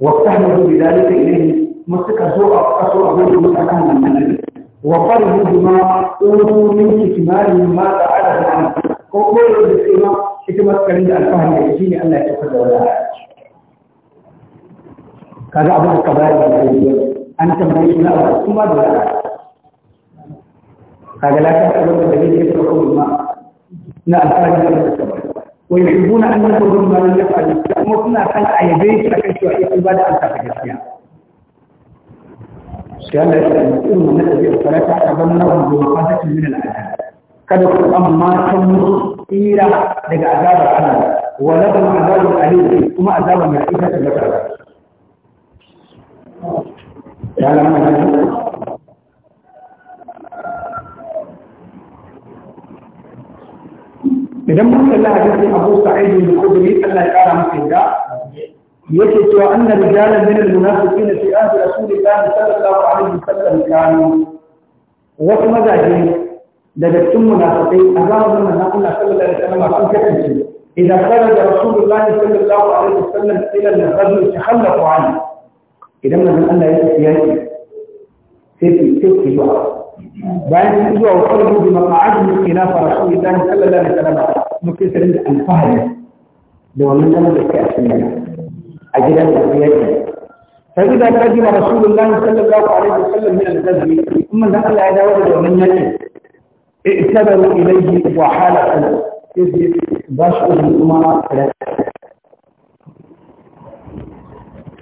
wa tahmadu bi dalika ilayhi mutaka zo a kaso abin da mutaka nan وقرضوا بما أوتوا من كتمان ما ko عنه وقرضوا بما itu ba karin da alfahari da shi Allah ya tafi da wani abu kabar ka bayar da kai an tambaye shi na abu kuma da wani kaga la ta tsaro da dalili ya tsaro kuma na alfahari da ka bayar wa yuhibbuna an yakunu ma lam yaf'al kuma suna san ayabe shi akan cewa ya ibada an ta gaskiya sai Allah ya tsare irin wannan da zai fara ta gaban nan da wani fasikin min al'ada kada ku tsira daga azabar Allah wa lahum azabun alim kuma azabar mai ita ta mata ya lamma idan mun kalla hadisin Abu Sa'id al-Khudri Allah ya kara masa yadda yake cewa anna rijalan min al-munafiqin fi ahdi Rasulillah sallallahu alaihi wasallam kanu wasu mazaje daga cikin munafikai a zamanin nan Allah sallallahu alaihi wasallam sun kasance idan da rasulullahi sallallahu alaihi wasallam ila al-rajul takhallaqu anhu idan manzon Allah ya tafi yaki sai ki tafi zuwa bayan sun zuwa wa qalbu bi maq'adihi khilafa rasulillahi sallallahu alaihi wasallam muke sanin da alfahari da wannan zaman da ke a cikin a gidan da yake فإذا قدم رسول الله صلى الله عليه وسلم من الغزو ثم ذهب إلى da wannan يجب ائتبروا إليه وحالة إذ باشر الأمراء ثلاثة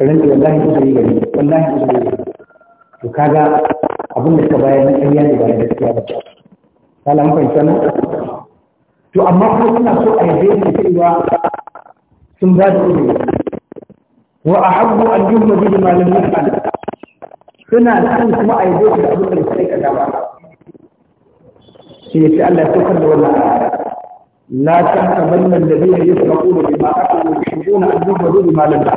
karanci wallahi ku zai gari wallahi ku zai gari to kaga abin da ka bayar na ƙarya ne ba da gaskiya ba ta lamu fahimta nan to amma kuma suna so a yabe da cewa sun ba da ilimi wa a habbu an ba sai ce Allah ya tokar da wani. ayar la kan kamannan da zai yi suna da bi ma aka yi shi zuna an zuba zuba malam da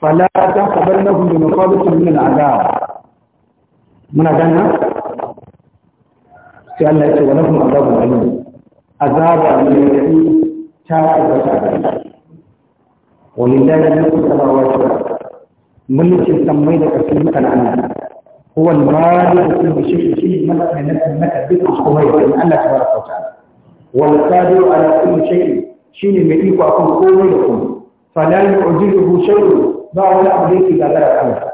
fa la kan na hudu na kwado su nuna ada muna gana sai Allah ya ce wani kuma azabu da ne azabu da ne ya yi ta yi da ta gani wani da ya yi kusa da wata mulkin samai da ƙarfin mutane ana هو الرادع كل شيء شيء مثلا مثلا ذكر الخميس من الله تبارك وتعالى والقادر على كل شيء شيء من يقوى كل قومكم فلا يعجزه شيء ضع ولا عليك غير الله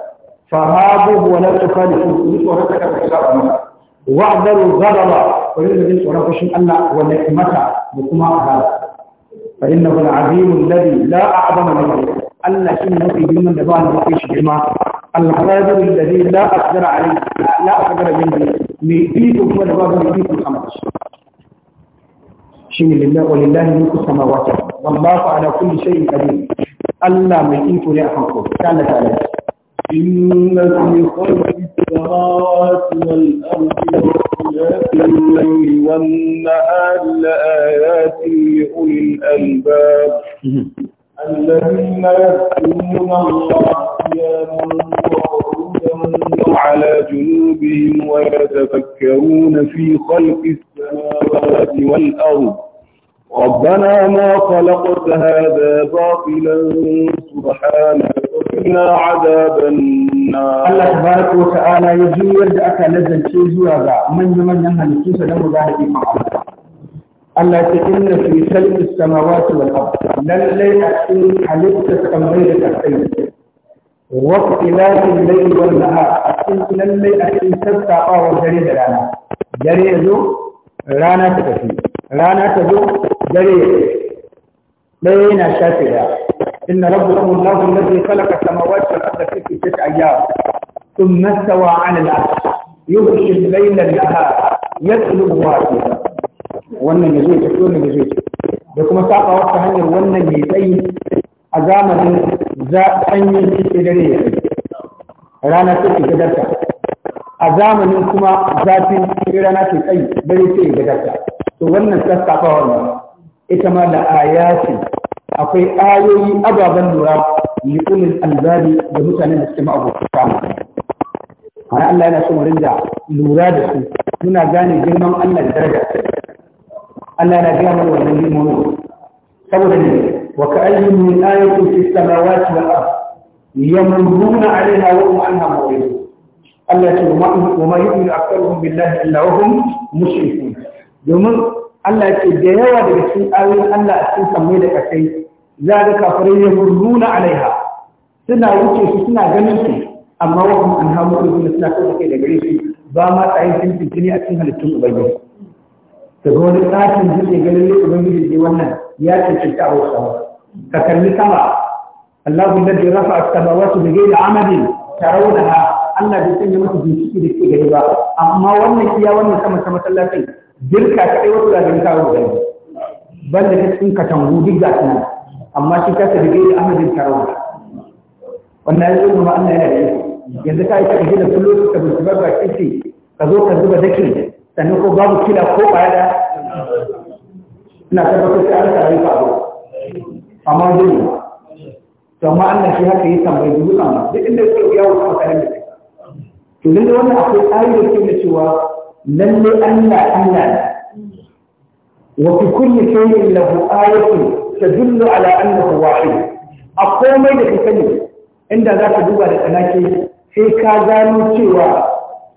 فهابه ولا تخالفوا ورتك بحساب واعذروا الغضب ويريد ان ترى فشن الله ونعمته بكما هذا فانه العظيم الذي لا اعظم منه الله شنو في جنة دبان ما فيش جماعه الغادر الذي لا أقدر عليه لا أقدر منه مئتيكم والغادر مئتيكم خمس شيء لله ولله ملك السماوات والله على كل شيء قدير ألا مئتيك لأحمكم كان ثالث إن في خلق السماوات والأرض واختلاف الليل والنهار لآيات لأولي الألباب الذين يذكرون الله على جنوبهم ويتفكرون في خلق السماوات والأرض ربنا ما خلقت هذا باطلا سبحانك وقنا عذاب النار الله تبارك وتعالى يجير دعك نزل شيء زوابا من يمن يمن الكيسة لم ذاهب Allah الله تقن في خلق السماوات والأرض لن لا يحسن cikin أم غيرك da واختلاف الليل والنهار أكن للي أكن تبتاقى والجري دلانا جري يزو رانا تكفي رانا تزو جري لينا شافيا إن ربكم الله الذي خلق السماوات والأرض في ستة أيام ثم استوى على العرش يغشي الليل النهار يطلب واجبا wannan ya zo ya tafi wannan ya zo ya da kuma saba wata hanyar wannan mai tsayi a zamanin za an yi cikin dare ya rana ta ke gadarta a zamanin kuma zafin rana ce tsayi dare ce ke gadarta to wannan sassafawar ne ita ma da aya ce akwai ayoyi ababen lura liƙulin alzari da mutanen da suke ma'abokan kama ana Allah yana so mu rinda lura da su muna gane girman Allah da daraja Allah yana gaya mana wannan girman saboda ne wa ka ayyin min ayatin fi samawati wal ard yamruna 'alayha wa hum 'anha mu'ridun Allah ce wa ma yu'minu aktharuhum billahi illa wa hum mushrikun domin Allah ya ce da yawa daga cikin ayoyin Allah a cikin samai da kasai za ga kafirai yamruna 'alayha suna wuce su suna ganin su amma wa hum anha mu'ridun suna kai da gare su ba ma tsayin cikin a cikin halittun ubangiji ka zo wani tsakin dutse ganin ne ubangiji ne wannan ya ce ta hausa ka kalli sama Allah alladhi rafa'a as-samawati bighayri 'amadin tarawunaha Allah bai sanya mata bincike da ke gani ba amma wannan iya wannan sama sama sallafin girka ta dai wata da ta wuce ban da cikin katangu duk ga nan amma shi ka tabi da Ahmadin Tarawuna wannan ya zo ma Allah yana da yanzu kai ka gida kullu ka bincike ba ka ce ka zo ka zuba dake sannan ko babu kila ko ɓaya ina tabbatar sai an karayi faru amma zai to amma Allah shi haka yi tambayi duk amma duk inda yake ya wuce makarin da kai to lalle wannan akwai tsari da ke cewa nan lalle Allah Allah wa fi kulli shay'in lahu ayatun tadullu ala annahu wahid akwai mai da kake ne inda za ka duba da tsanaki sai ka gano cewa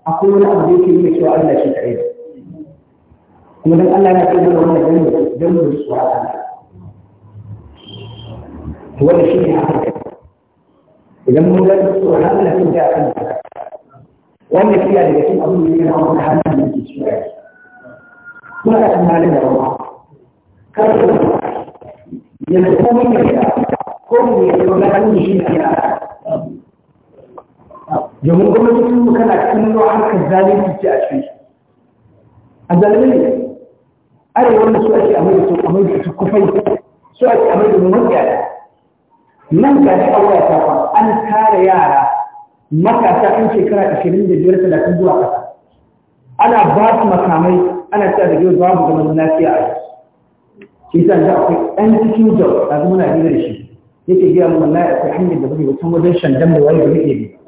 akwai wani abu da yake nuna cewa Allah shi kadai kuma dan Allah ya kai mana wannan dan dan mu su to wannan shi ne haka idan mun ga su Allah sun da kan wannan shi daga cikin abin da yake hawa hannun da yake ciwa kuma da kan malin da rawa kar ku yanzu ko mun ne ko mun ne ko ga kan shi ne ya domin gwamnati sun kana kallon harkar zalunci ce a cikin a zalunci arewa wanda su ake amai da su amai da su kufai su ake amai da mu nan ga shi aure ta fa an kare yara matasa ɗan shekara 25-30 zuwa kasa ana ba su makamai ana cewa da yau babu zaman lafiya a yau shi sa da akwai ɗan cikin jau a zama na hira da shi yake gaya mu na akwai hanyar da bane wajen wajen shandan da wani da yake bi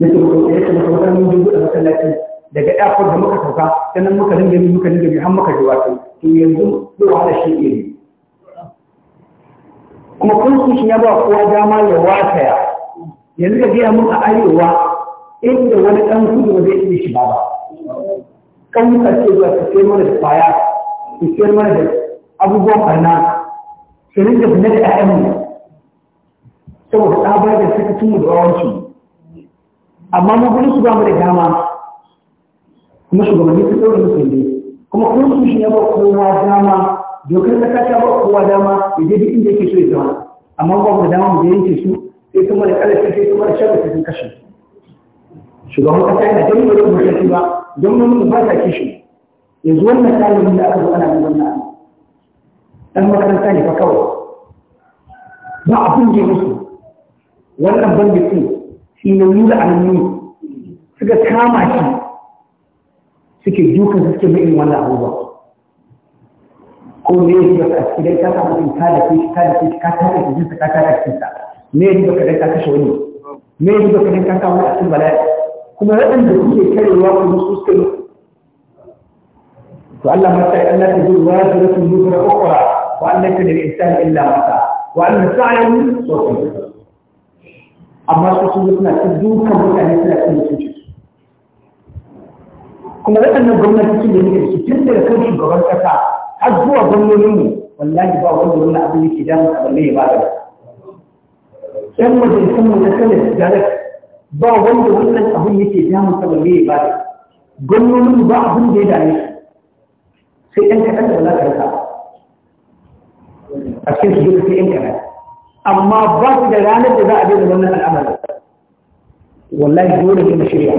yake mutum ya ce mutum kan mun dubu da masallaci daga airport da muka sauka sannan muka dinga bi muka dinga bi har muka je wato to yanzu zai wahala shi ne kuma shi ya ba kowa dama ya wataya yanzu ka gaya mun a arewa inda wani ɗan kudu ba zai iya shiga ba ƙauyuka ce zuwa su sayar mana da kwaya su sayar mana da abubuwan barna su rinka zina da ƴaƴanmu saboda tsabar da suka cin mu da rawanci amma mu gudu su ba mu da dama kuma shugabanni sun ɗaura musu ne kuma constitution ya ba kowa dama dokar ta kasa ba kowa dama ya je duk inda yake so ya zama amma ba mu dama mu je yanke su sai kuma da ƙarfi sai kuma da shabar sun kashe shugaban kasa yana ganin da kuma shafi ba don wani ba ta kishi yanzu wannan talibin da aka zo ana yi wannan ɗan makaranta ne fa kawai ba abin da ya musu wannan banditin shi ne nuna alamu suka kama shi suke dukan suke mai wannan abubuwa ko me yake baka a cikin ka samu ka da ke ka da ke ka ta da jikin ka ta da cikin sa me yake baka dan ka kashe wani me yake baka dan ka samu a cikin bala'i kuma waɗanda kuke karewa ku musu suke to Allah ma sai Allah ta zuwa da rasul nuzra ukhra wa ta lil insani illa sa wa anna sa'yahu amma su suna cikin dukan mutane suna cikin kuma waɗannan gwamnatocin da muke ciki tun daga kan shugaban kasa har zuwa gwamnoninmu wallahi ba wanda wani abin yake damu a balle ya ba da ɗan majalisun mu na sanar direct ba wanda wannan abin yake damu a balle ya ba da gwamnoninmu ba abin da ya dame su sai ɗan kaɗan da wala ka a cikin su duka sai ɗan kaɗan amma ba su da ranar da za a daina wannan al'amarin wallahi dole ne mu shirya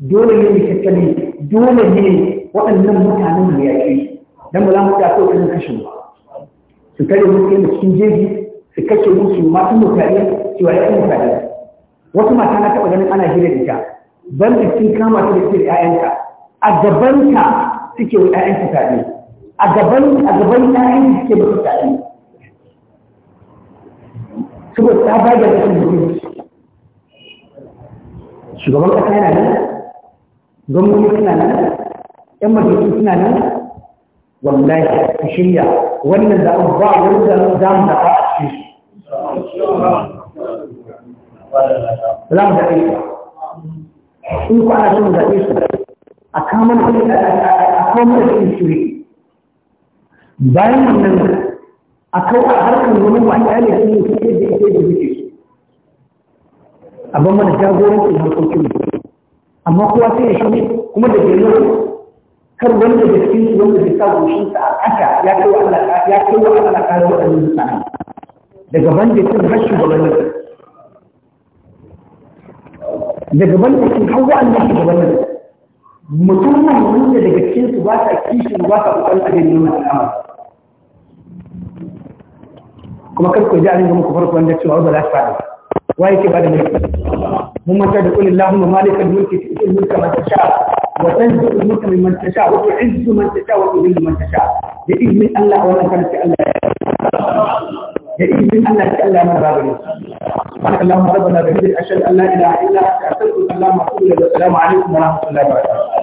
dole ne mu tattali dole ne waɗannan mutanen mu yaƙi don ba za mu ta so irin kashin ba su kare mu cikin jeji su kashe mu su matan mutane su waye mutane wasu mata na taɓa ganin ana hira da ita da sun kama ta da ke da ƴaƴanta a gabanta suke wa ƴaƴanta tare a gaban a gaban ƴaƴanta suke su tare saboda ta bayar da mutum shugaban ƙasa yana nan gwamnoni suna nan yan majalisun suna nan wallahi ku shirya wannan za ba wani da za mu zaɓa a cikin su za mu zaɓe su in ku ana son zaɓe su a kamar kuɗi a kamar kuɗi shiri bayan wannan a kawo a harkar wani wa'ya ne su ne su ke da ke da su a ban mana jagorancin harkokin mu amma kowa sai ya shi kuma da gero kar wanda da cikin su wanda bai sa goshin sa a ya kai wa Allah ya kai wa Allah kare waɗannan mutane daga hashi da wannan daga banditin har waɗannan shugabannin mutum mutumin wanda daga cikin su ba sa kishin ba sa ƙoƙarin ajiyar neman al'amari kuma kar ku ji a ringa muku farko wanda cewa ba za su faɗi wa yake ba da mai mun manta da kullu Allahumma malikal mulki tu'til mulka man tasha wa tanzi'u mulka mimman tasha wa tu'izzu man tasha wa tudhillu man tasha da izinin Allah wannan karanta Allah da izinin Allah ta Allah mana babu ne subhanak allahumma rabbana bihamdika ashhadu an la ilaha illa anta astaghfiruka wa atubu ilayk assalamu alaikum wa rahmatullahi wa barakatuh